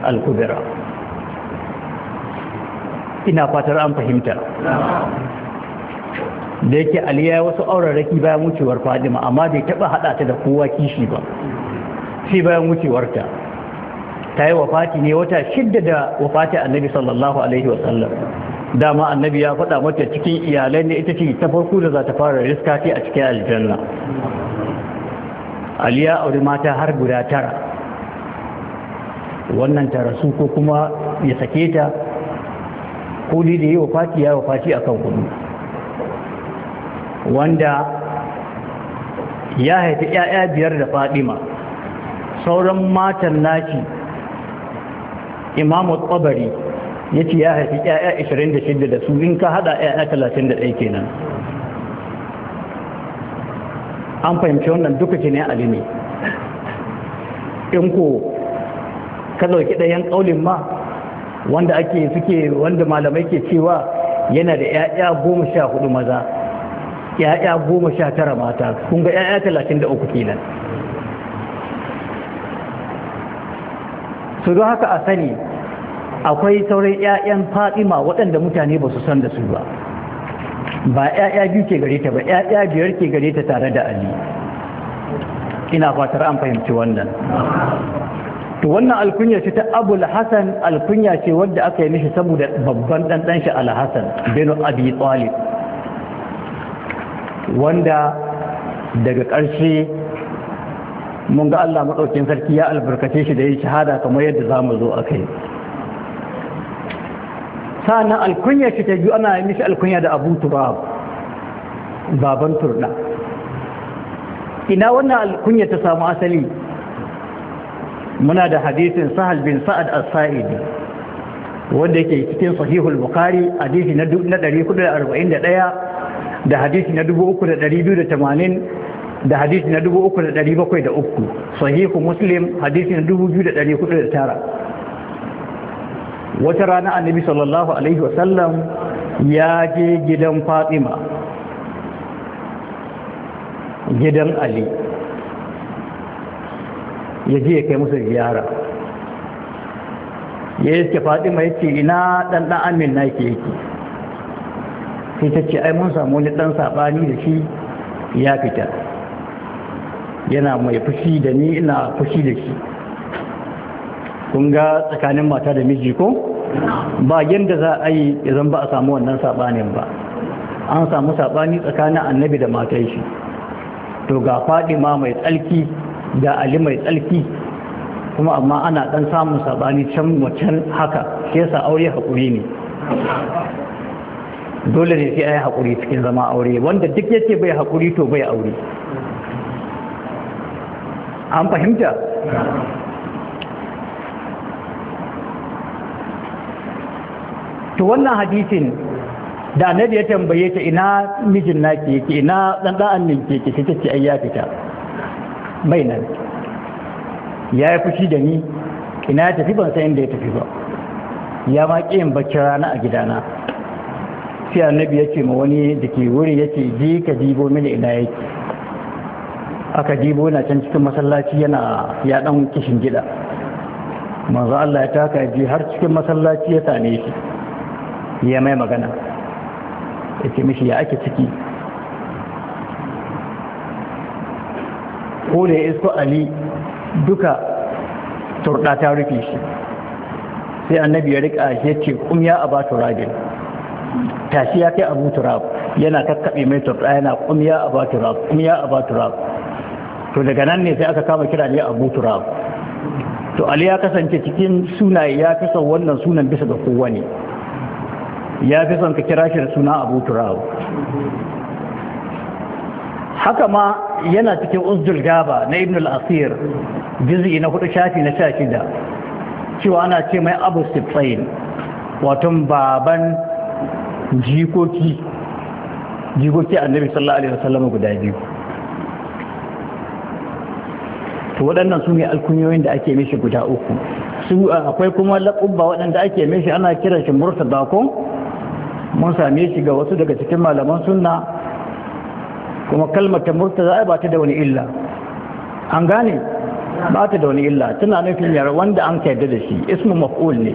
Speaker 1: al kubira ina fatar an fahimta da yake ali ya wasu auraraki bayan wucewar fadima amma bai taba hada ta da kowa kishi ba sai bayan wucewarta ta yi wafati ne wata shidda da wafati annabi sallallahu alaihi wasallam dama annabi ya faɗa mata cikin iyalai ne ita ce ta farko da za ta fara riska ce a cikin aljanna ali ya auri mata har guda tara wannan ta rasu ko kuma ya sake ta ko da yi wafati ya wafati akan kudu wanda ya haifi 'ya'ya biyar da fadima sauran matan naki imamu tsabari ya ce ya haifi 'ya'ya 26 da su in ka hada 'ya'ya 31 kenan an fahimci wannan duka ne alimi in ko ka ɗauki ɗayan ƙaulin ma wanda ake suke wanda malamai ke cewa yana da 'ya'ya goma sha hudu maza 'ya'ya goma sha tara mata kun ga 'ya'ya talatin da uku kenan su don haka a sani akwai sauran 'ya'yan fatima waɗanda mutane ba su san da su ba ba 'ya'ya biyu ke gare ta ba 'ya'ya biyar ke gare ta tare da ali ina fatar an fahimci wannan to wannan alkunya ce ta abul hasan alkunya ce wadda aka yi mishi saboda babban ɗanɗan shi alhassan Beno abi talib wanda daga ƙarshe mun ga Allah maɗaukin sarki ya albarkace shi da yi shahada kamar yadda za mu zo a kai sa'annan alkunya shi ta biyu ana yi mishi alkunya da abu turawa, baban turda ina wannan alkunya ta samu asali muna da hadisin sahal bin sa'ad al saidi wanda yake cikin sahihul bukhari hadisi na 441 da hadisi na 3280 da hadisi na 3703 sahihu muslim hadisi na 2409 wata rana annabi sallallahu alaihi wasallam ya je gidan fatima gidan ali ya je ya kai musu ziyara ya yi ke fatima ya ce ina ɗanɗan amin na yake yake sai ta ce ai mun samu wani ɗan saɓani da shi ya fita yana mai fushi da ni ina fushi da shi kun ga tsakanin mata da miji ko ba yadda za a yi idan ba a samu wannan saɓanin ba an samu sabani tsakanin annabi da matan shi to ga fadima mai tsalki da ali mai tsalki kuma amma ana ɗan samun saɓani can wacan haka shi yasa aure hakuri ne dole ne sai yi hakuri cikin zama aure wanda duk yake bai hakuri to bai aure an fahimta to wannan hadisin da annabi ya tambaye ta ina mijin naki yake ina dan da'an ninki yake sai tace ai ya fita bai nan ya yi fushi da ni ina ya tafi ban san inda ya tafi ba ya ma ƙi yin bacci rana a gidana sai annabi ya ce ma wani da ke wuri ya ce je ka jibo mini ina yake aka jibo yana can cikin masallaci yana ya dan kishin gida manzo Allah ya taka ji har cikin masallaci ya same shi ya mai magana ya mishi ya ake ciki ko da isko ali duka turɗa ta rufe shi sai annabi ya rika ya ce kum ya aba turabin tashi ya kai abu turab yana kakkaɓe mai turɗa yana kumya a ba turab kumya a ba turab to daga nan ne sai aka kama kira ne abu turab to ali ya kasance cikin sunaye ya fi son wannan sunan bisa ga kowane ya fi son ka kira shi da suna abu turab haka ma yana cikin usdul gaba na ibn al-asir juz'i na hudu shafi na sha shida cewa ana ce mai abu sifain wato baban jikoki jikoki annabi sallallahu alaihi wasallam guda biyu to waɗannan su ne alkunyoyin da ake mishi guda uku su akwai kuma laƙubba waɗanda ake mishi ana kiran shi murtada ko mun same shi ga wasu daga cikin malaman sunna kuma kalmar ta murtada ba ta da wani illa an gane ba ta da wani illa tana nufin yara wanda an kaida da shi ismu maf'ul ne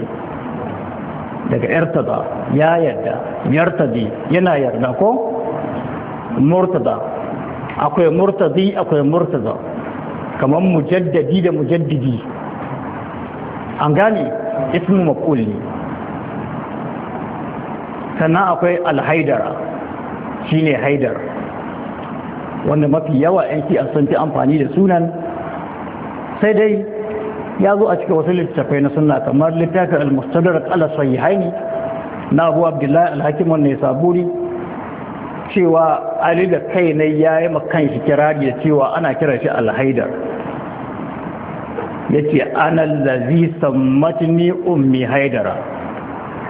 Speaker 1: daga irtada ya yarda yartadi yana yarda ko murtada akwai murtadi akwai murtada kamar mujaddadi da mujaddidi an gane ismu maqul ne sannan akwai alhaidara shine haidar wanda mafi yawa yanki an santi amfani da sunan sai dai ya zo a cikin wasu littafai na suna kamar littafin al-mustadrak haini na abu abdullahi al-hakim wannan ya saburi cewa ali da kai ne yayi makan shi kirari da cewa ana kira shi Alhaidar. haidar ce ana allazi ne ummi haidara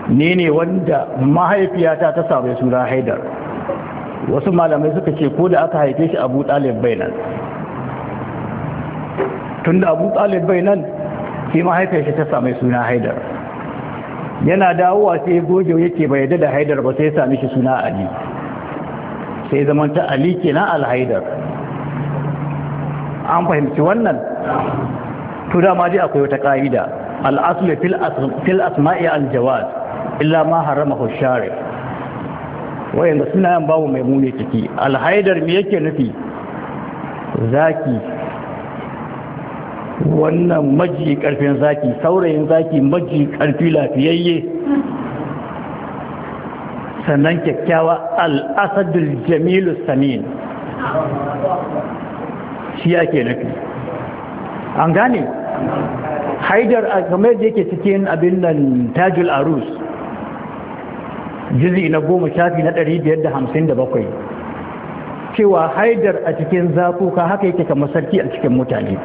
Speaker 1: ne ne wanda mahaifiyata ta samu suna haidar wasu malamai suka ce ko da aka haife shi abu talib bai nan tun da abu talib bai sai mahaifiyar shi ta sami suna haidar yana dawowa sai goge yake bai yadda da haidar ba sai ya sami shi suna ali sai zamanta ali ke na alhaidar an fahimci wannan to dama ji akwai wata ka'ida al'asul fil asma'i aljawaz illa ma harama hushari wayanda suna yan babu mai mune ciki alhaidar me yake nufi zaki wannan maji karfin zaki saurayin zaki maji karfi lafiyayye sannan kyakkyawa al'asadul jamilu samin shi ake nufi an gane haidar kamar da yake cikin abin nan tajul arus jizi na goma shafi na 557 cewa haidar a cikin zafuka haka yake kamar sarki a cikin mutane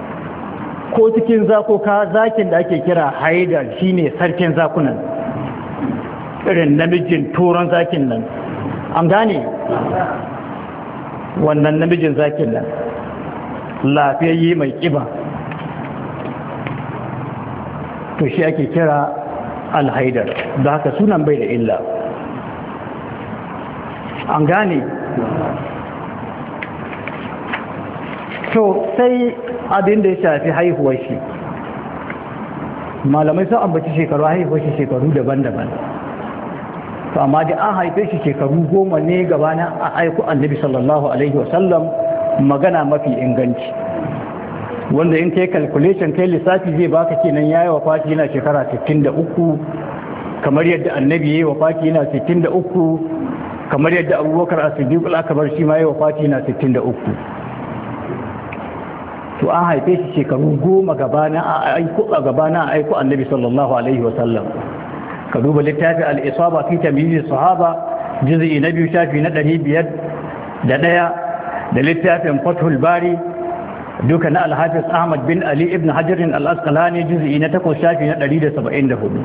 Speaker 1: ko cikin ka zakin da ake kira haidar shine sarkin zakunan irin namijin turon zakin nan an gane wannan namijin zakin nan lafiyayye mai kiba to shi ake kira alhaidar da haka sunan bai da illa an gane to sai abin da ya shafi haihuwar shi malamai sun ambaci shekaru haihuwar shi shekaru daban-daban to amma da an haife shi shekaru goma ne gabana a aiku annabi sallallahu alaihi wasallam magana mafi inganci wanda in kai calculation kai lissafi zai baka kenan yayi wafati yana shekara 63 kamar yadda annabi yayi wafati yana 63 kamar yadda abubakar as-siddiq al kamar shi ma yi wafati yana
Speaker 3: 63
Speaker 1: to an haife shi shekaru goma gabana a aiko annabi sallallahu alaihi wasallam ka duba littafin al-isaba fi tamyiz sahaba juz'i na biyu shafi na biyar da daya da littafin fathul bari duka na Alhafis ahmad bin ali ibn hajar al-asqalani juz'i na takwas shafi na da da saba'in hudu.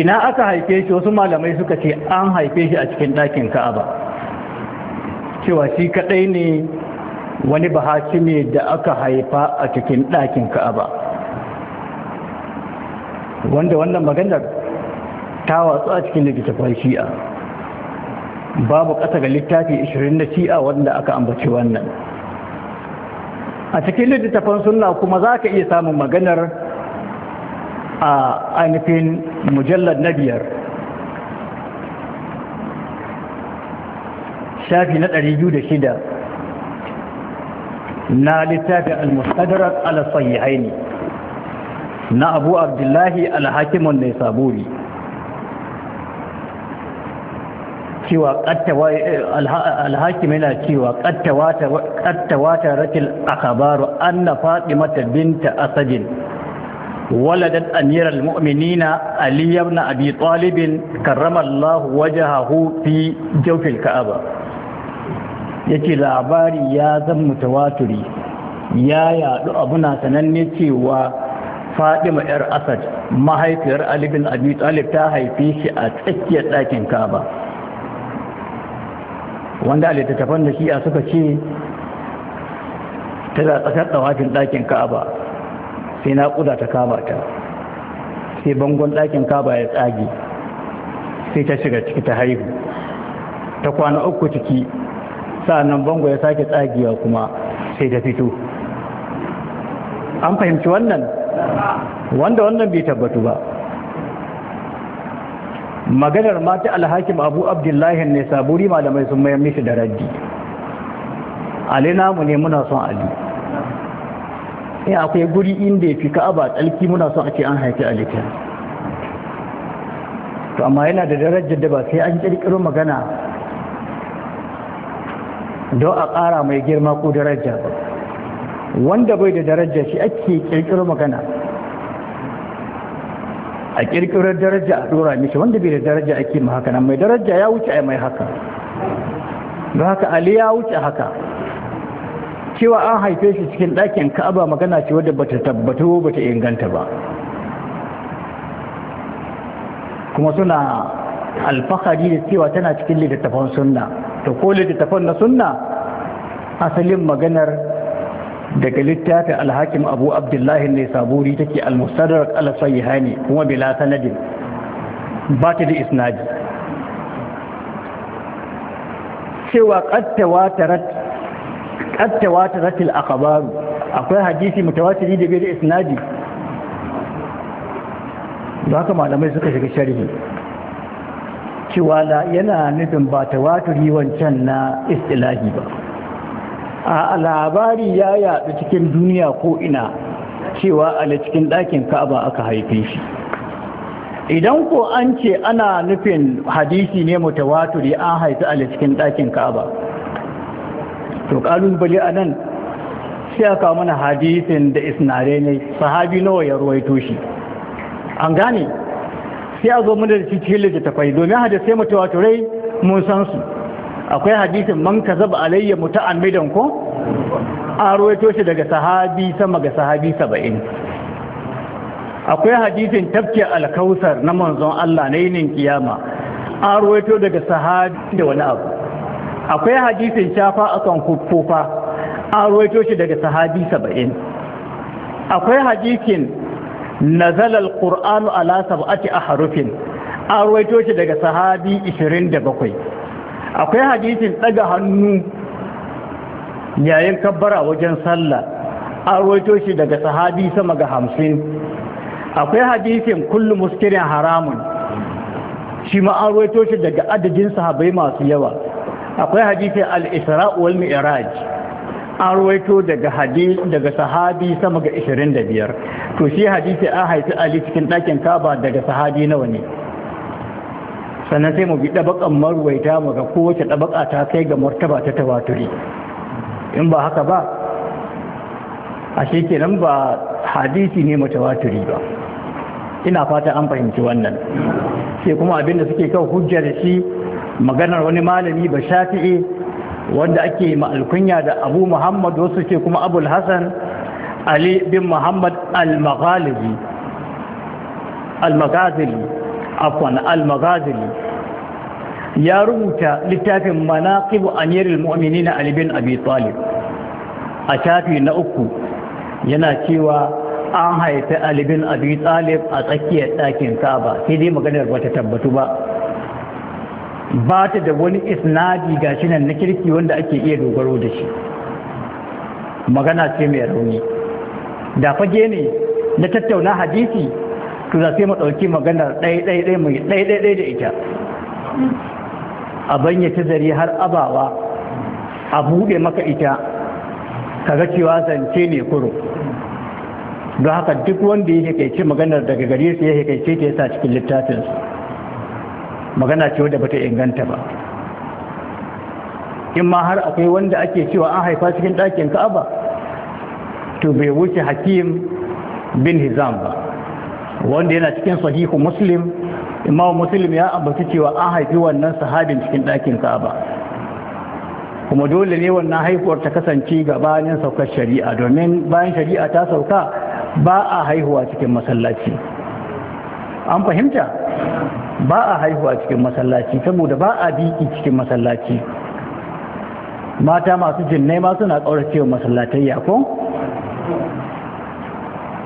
Speaker 1: ina aka haife shi wasu malamai suka ce an haife shi a cikin ɗakin ka'aba cewa shi kaɗai ne wani bahaci ne da aka haifa a cikin ɗakin ka'aba wanda wannan maganar ta watsu a cikin littattafan shi'a babu ƙasa ga littafi 20 na shi'a wanda aka ambaci wannan a cikin littattafan suna kuma za ka iya samun maganar a ainihin mujallar na biyar shafi na shida. na littafi al-mustadrak ala sahihaini na abu abdullahi al-hakimun ne saburi cewa al-hakim yana cewa qattawata ratil akhbaru anna fatimata binta asadin waladat amiral mu'minina ali ibn abi talib karramallahu wajhahu fi jawfil ka'aba Yake labari ya zan mutawaturi ya yadu abuna sananne cewa Fadima yar Asad mahaifiyar Ali bin Abi Talib ta haife shi a tsakiyar ɗakin Kaba wanda littattafan da shi a suka ce ta da tsakar tsawafin ɗakin Kaba sai na ƙuda ta kama ta sai bangon ɗakin Kaba ya tsage sai ta shiga ciki ta haihu ta kwana uku ciki sa'annan bango ya sake tsagiya kuma sai da fito an fahimci wannan wanda wannan bai tabbatu ba maganar mata alhakim abu abdullahi ne saburi malamai sun mayan mishi da raddi ali namu ne muna son ali ya akwai guri inda ya fi ka'aba tsalki muna son ake an haifi alikin to amma yana da darajar da ba sai an kirkiro magana don a ƙara mai girma ko daraja wanda bai da daraja shi ake ƙirƙiro magana a ƙirƙirar daraja a ɗora mishi wanda bai da daraja ake ma haka nan mai daraja ya wuce a mai haka don haka ali ya wuce haka cewa an haife shi cikin ɗakin ka'aba magana ce wadda bata tabbatu bata inganta ba kuma suna alfahari da cewa tana cikin littattafan sunna to ko littattafan na sunna asalin maganar daga littafin alhakim abu abdullahi ne saburi take almustadrak ala sahihaini kuma bila sanadin ba ta da isnadi cewa kattawa ta ratil akabaru akwai hadisi mutawatiri da bai da isnadi da haka malamai suka shiga sharhi cewa la yana nufin ba ta waturi wancan na istilahi ba a labari ya yaɗu cikin duniya ko ina cewa ala cikin ɗakin ka'aba aka haife shi idan ko an ce ana nufin hadisi ne mutawaturi an haifi ala cikin ɗakin ka'aba to bali a nan sai aka mana hadisin da isnare ne sahabi nawa ya ruwaito shi an gane sai a zo mana da cikin littattafai domin hadisai rai mun san su akwai hadisin man kazaba alayya muta'ammidan ko a ruwaito shi daga sahabi sama ga sahabi saba'in akwai hadisin tafki alkausar na manzon Allah na yinin kiyama a ruwaito daga sahabi da wani abu akwai hadisin shafa kan kufofa a ruwaito shi daga sahabi saba'in akwai hadisin nazala alqur'anu ala sab'ati ahrufin an ruwaito shi daga sahabi 27 akwai hadisin daga hannu yayin kabbara wajen sallah an ruwaito shi daga sahabi sama ga hamsin. akwai hadisin kullu muskirin haramun shi an ruwaito daga adadin sahabai masu yawa akwai hadisin al-isra wal mi'raj an ruwaito daga hadis daga sahabi sama ga 25 to shi hadisi an haifi ali cikin ɗakin kaba daga sahabi nawa ne sannan sai mu bi ɗabaƙan marwaita mu ga kowace ɗabaƙa ta kai ga martaba ta tawaturi in ba haka ba a kenan ba hadisi ne mu mutawaturi ba ina fata an fahimci wannan sai kuma abinda suke kan hujjar shi maganar wani malami ba shafi'i wanda ake alkunya da abu muhammad wasu ce kuma abul hassan ali bin muhammad al maghazili afwan al-maghazili ya rubuta littafin manaqib amirul mu'minin ali bin abi talib a shafi na uku yana cewa an haifi ali bin abi talib a tsakiyar ɗakin kaba sai dai maganar bata tabbatu ba ba ta da wani isnadi ga shi nan na kirki wanda ake iya dogaro da shi magana ce mai rauni da fage ne na tattauna hadisi to za sai mu ɗauki maganar ɗaiɗaiɗai mai ɗaiɗaiɗai da ita a banya ta zare har abawa a buɗe maka ita kaga cewa zance ne kuro don haka duk wanda ya hekaice maganar daga gare su ya hekaice ta yasa cikin littafinsu magana ce wadda bata inganta ba in ma har akwai wanda ake cewa an haifa cikin ɗakin ka'aba to bai wuce hakim bin hizam ba wanda yana cikin sahihu muslim imam muslim ya ambaci cewa an haifi wannan sahabin cikin ɗakin ka'aba kuma dole ne wannan haihuwar ta kasance gabanin saukar shari'a domin bayan shari'a ta sauka ba a haihuwa cikin masallaci an fahimta ba a haihuwa cikin masallaci saboda ba a biki cikin masallaci mata masu jinnai ma suna ƙauracewa masallatai ya ko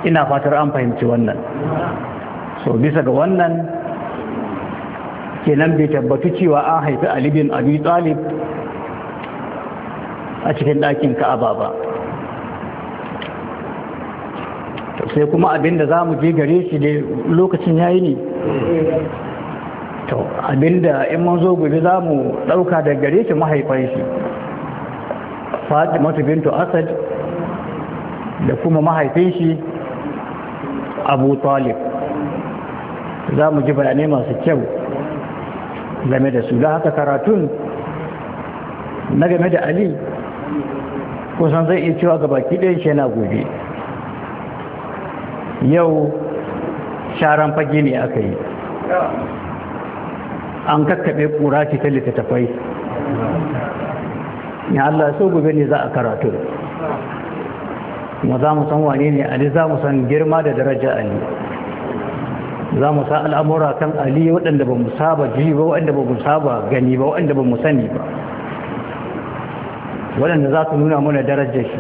Speaker 1: ina fatar an fahimci wannan so bisa ga wannan kenan bai tabbatu cewa an haifi alibin abu talib a cikin ɗakin ka'aba ba sai kuma abinda za mu je gare shi da lokacin yayi ne to abinda in mun zo gobe za mu ɗauka da gare shi mahaifan shi fatimatu bintu asad da kuma mahaifin shi abu talib za mu ji bayanai masu kyau game da su da haka karatun na game da ali kusan zai iya cewa gaba ɗaya shi yana gobe yau sharan fage ne aka yi an kakkaɓe ƙura ce ta littattafai ya Allah so gobe ne za a karatu kuma za mu san wane ne ali za mu san girma da daraja ali za mu san al'amura kan ali waɗanda ba mu saba ji ba waɗanda ba mu saba gani ba waɗanda ba mu sani ba waɗanda za su nuna mana darajar shi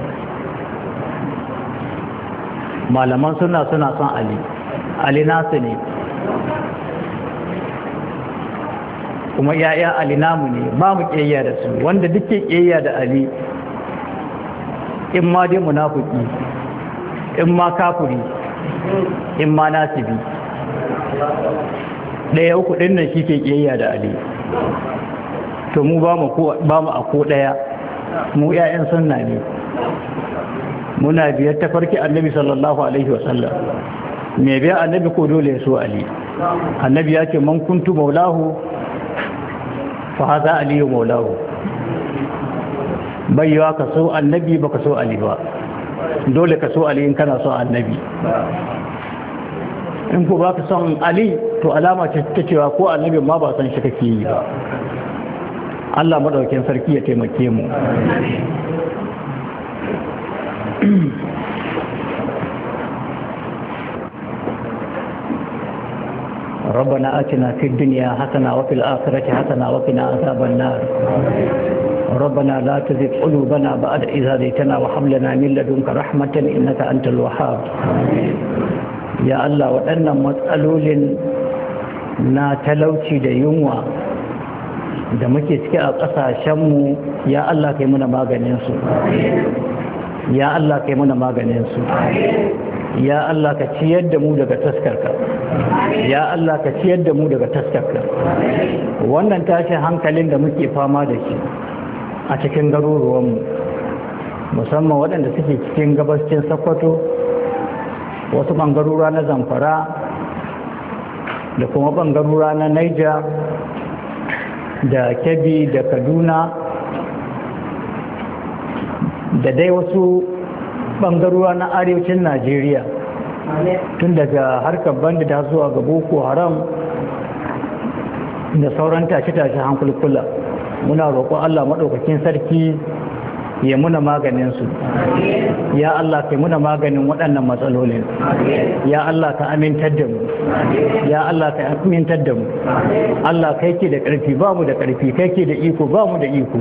Speaker 1: malaman suna suna son ali ali nasu ne kuma ya'ya ali namu ne ba mu ƙiyayya da su wanda duk ke ƙiyayya da ali in ma dai munafiki in ma kafiri in ma nasibi ɗaya uku ɗin nan shi ke ƙiyayya da ali to mu ba mu a ko ɗaya mu 'ya'yan sunna ne muna biyar ta farki annabi sallallahu alaihi wasallam mai biya annabi ko dole ya so ali annabi ya ce man kuntu maulahu fa haza aliyu maulahu bayyawa ka so annabi ba ka so ali ba dole ka so ali kana so annabi in ko ba ka son ali to alama ce ta cewa ko annabi ma ba san shi kake yi ba Allah madaukakin sarki ya taimake mu ربنا آتنا في الدنيا حسنة وفي الآخرة حسنة وقنا عذاب النار ربنا لا تزغ قلوبنا بعد إذ هديتنا وهب لنا من لدنك رحمة إنك أنت الوهاب يا الله وأن مسألول نا talauci da yunwa da muke cike a ƙasashenmu ya Allah kai muna maganinsu ya Allah kai muna maganinsu ya Allah ka ciyar da mu daga taskarka ya Allah ka ciyar da mu daga taskarka wannan tashin hankalin da muke fama da shi a cikin garuruwan mu, musamman waɗanda suke cikin gabascin sakwato wasu ɓangarura na zamfara da kuma ɓangarura na naija da kebbi da kaduna da dai wasu ɓangarura na arewacin najeriya tun daga harkar ta zuwa ga boko haram da sauran tashe-tashe hankulikula muna roƙon allah maɗaukakin sarki ya muna maganin su ya Allah ka muna maganin waɗannan matsalolin ya Allah ka amintar da mu ya Allah ka amintar da mu Allah kai ke da ƙarfi ba mu da ƙarfi kai ke da iko ba mu da iko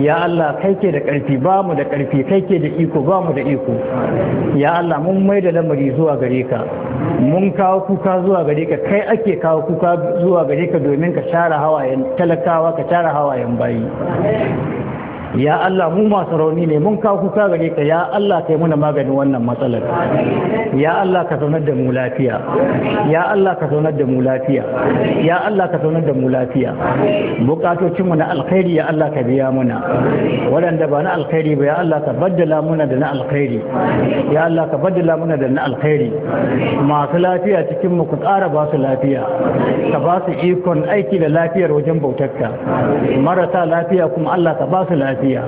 Speaker 1: ya Allah kai ke da ƙarfi ba mu da ƙarfi kai ke da iko ba mu da iko ya Allah mun mai da lamari zuwa gare ka mun kawo kuka zuwa gare ka kai ake kawo kuka zuwa gare ka domin ka share hawayen talakawa ka share hawayen bayi ya Allah mu masu rauni ne mun kawo kusa gare ka ya Allah kai muna maganin wannan matsalar ya Allah ka sanar da mu lafiya ya Allah ka sanar da mu lafiya ya Allah ka sanar da mu lafiya bukatocin mu na alkhairi ya Allah ka biya muna waɗanda ba na alkhairi ba ya Allah ka baddala muna da na alkhairi ya Allah ka baddala muna da na alkhairi masu lafiya cikin mu ku ƙara ba su lafiya ka ba su ikon aiki da lafiyar wajen bautarka marasa lafiya kuma Allah ka ba su lafiya lafiya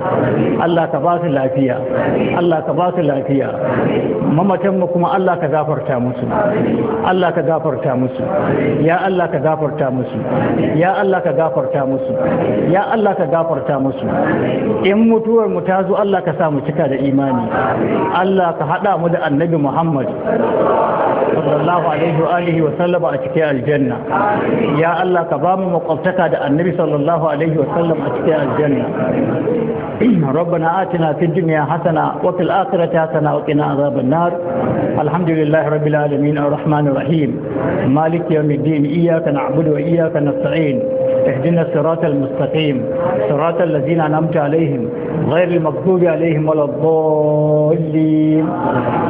Speaker 1: Allah ka ba su lafiya Allah ka ba su lafiya mamatan mu kuma Allah ka gafarta musu Allah ka gafarta musu ya Allah ka gafarta musu ya Allah ka gafarta musu ya Allah ka gafarta musu in mutuwar mu ta zo Allah ka sa mu cika da imani Allah ka hada mu da annabi Muhammad sallallahu alaihi wa alihi wa sallama a cikin aljanna ya Allah ka ba mu makwabtaka da annabi sallallahu alaihi wa sallam a cikin aljanna ربنا آتنا في الدنيا حسنة وفي الآخرة حسنة وقنا عذاب النار الحمد لله رب العالمين الرحمن الرحيم مالك يوم الدين إياك نعبد وإياك نستعين اهدنا الصراط المستقيم صراط الذين أنعمت عليهم غير المغضوب عليهم ولا الضالين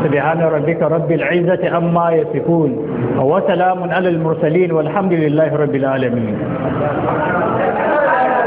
Speaker 1: سبحان ربك رب العزة عما يصفون وسلام على المرسلين والحمد لله رب العالمين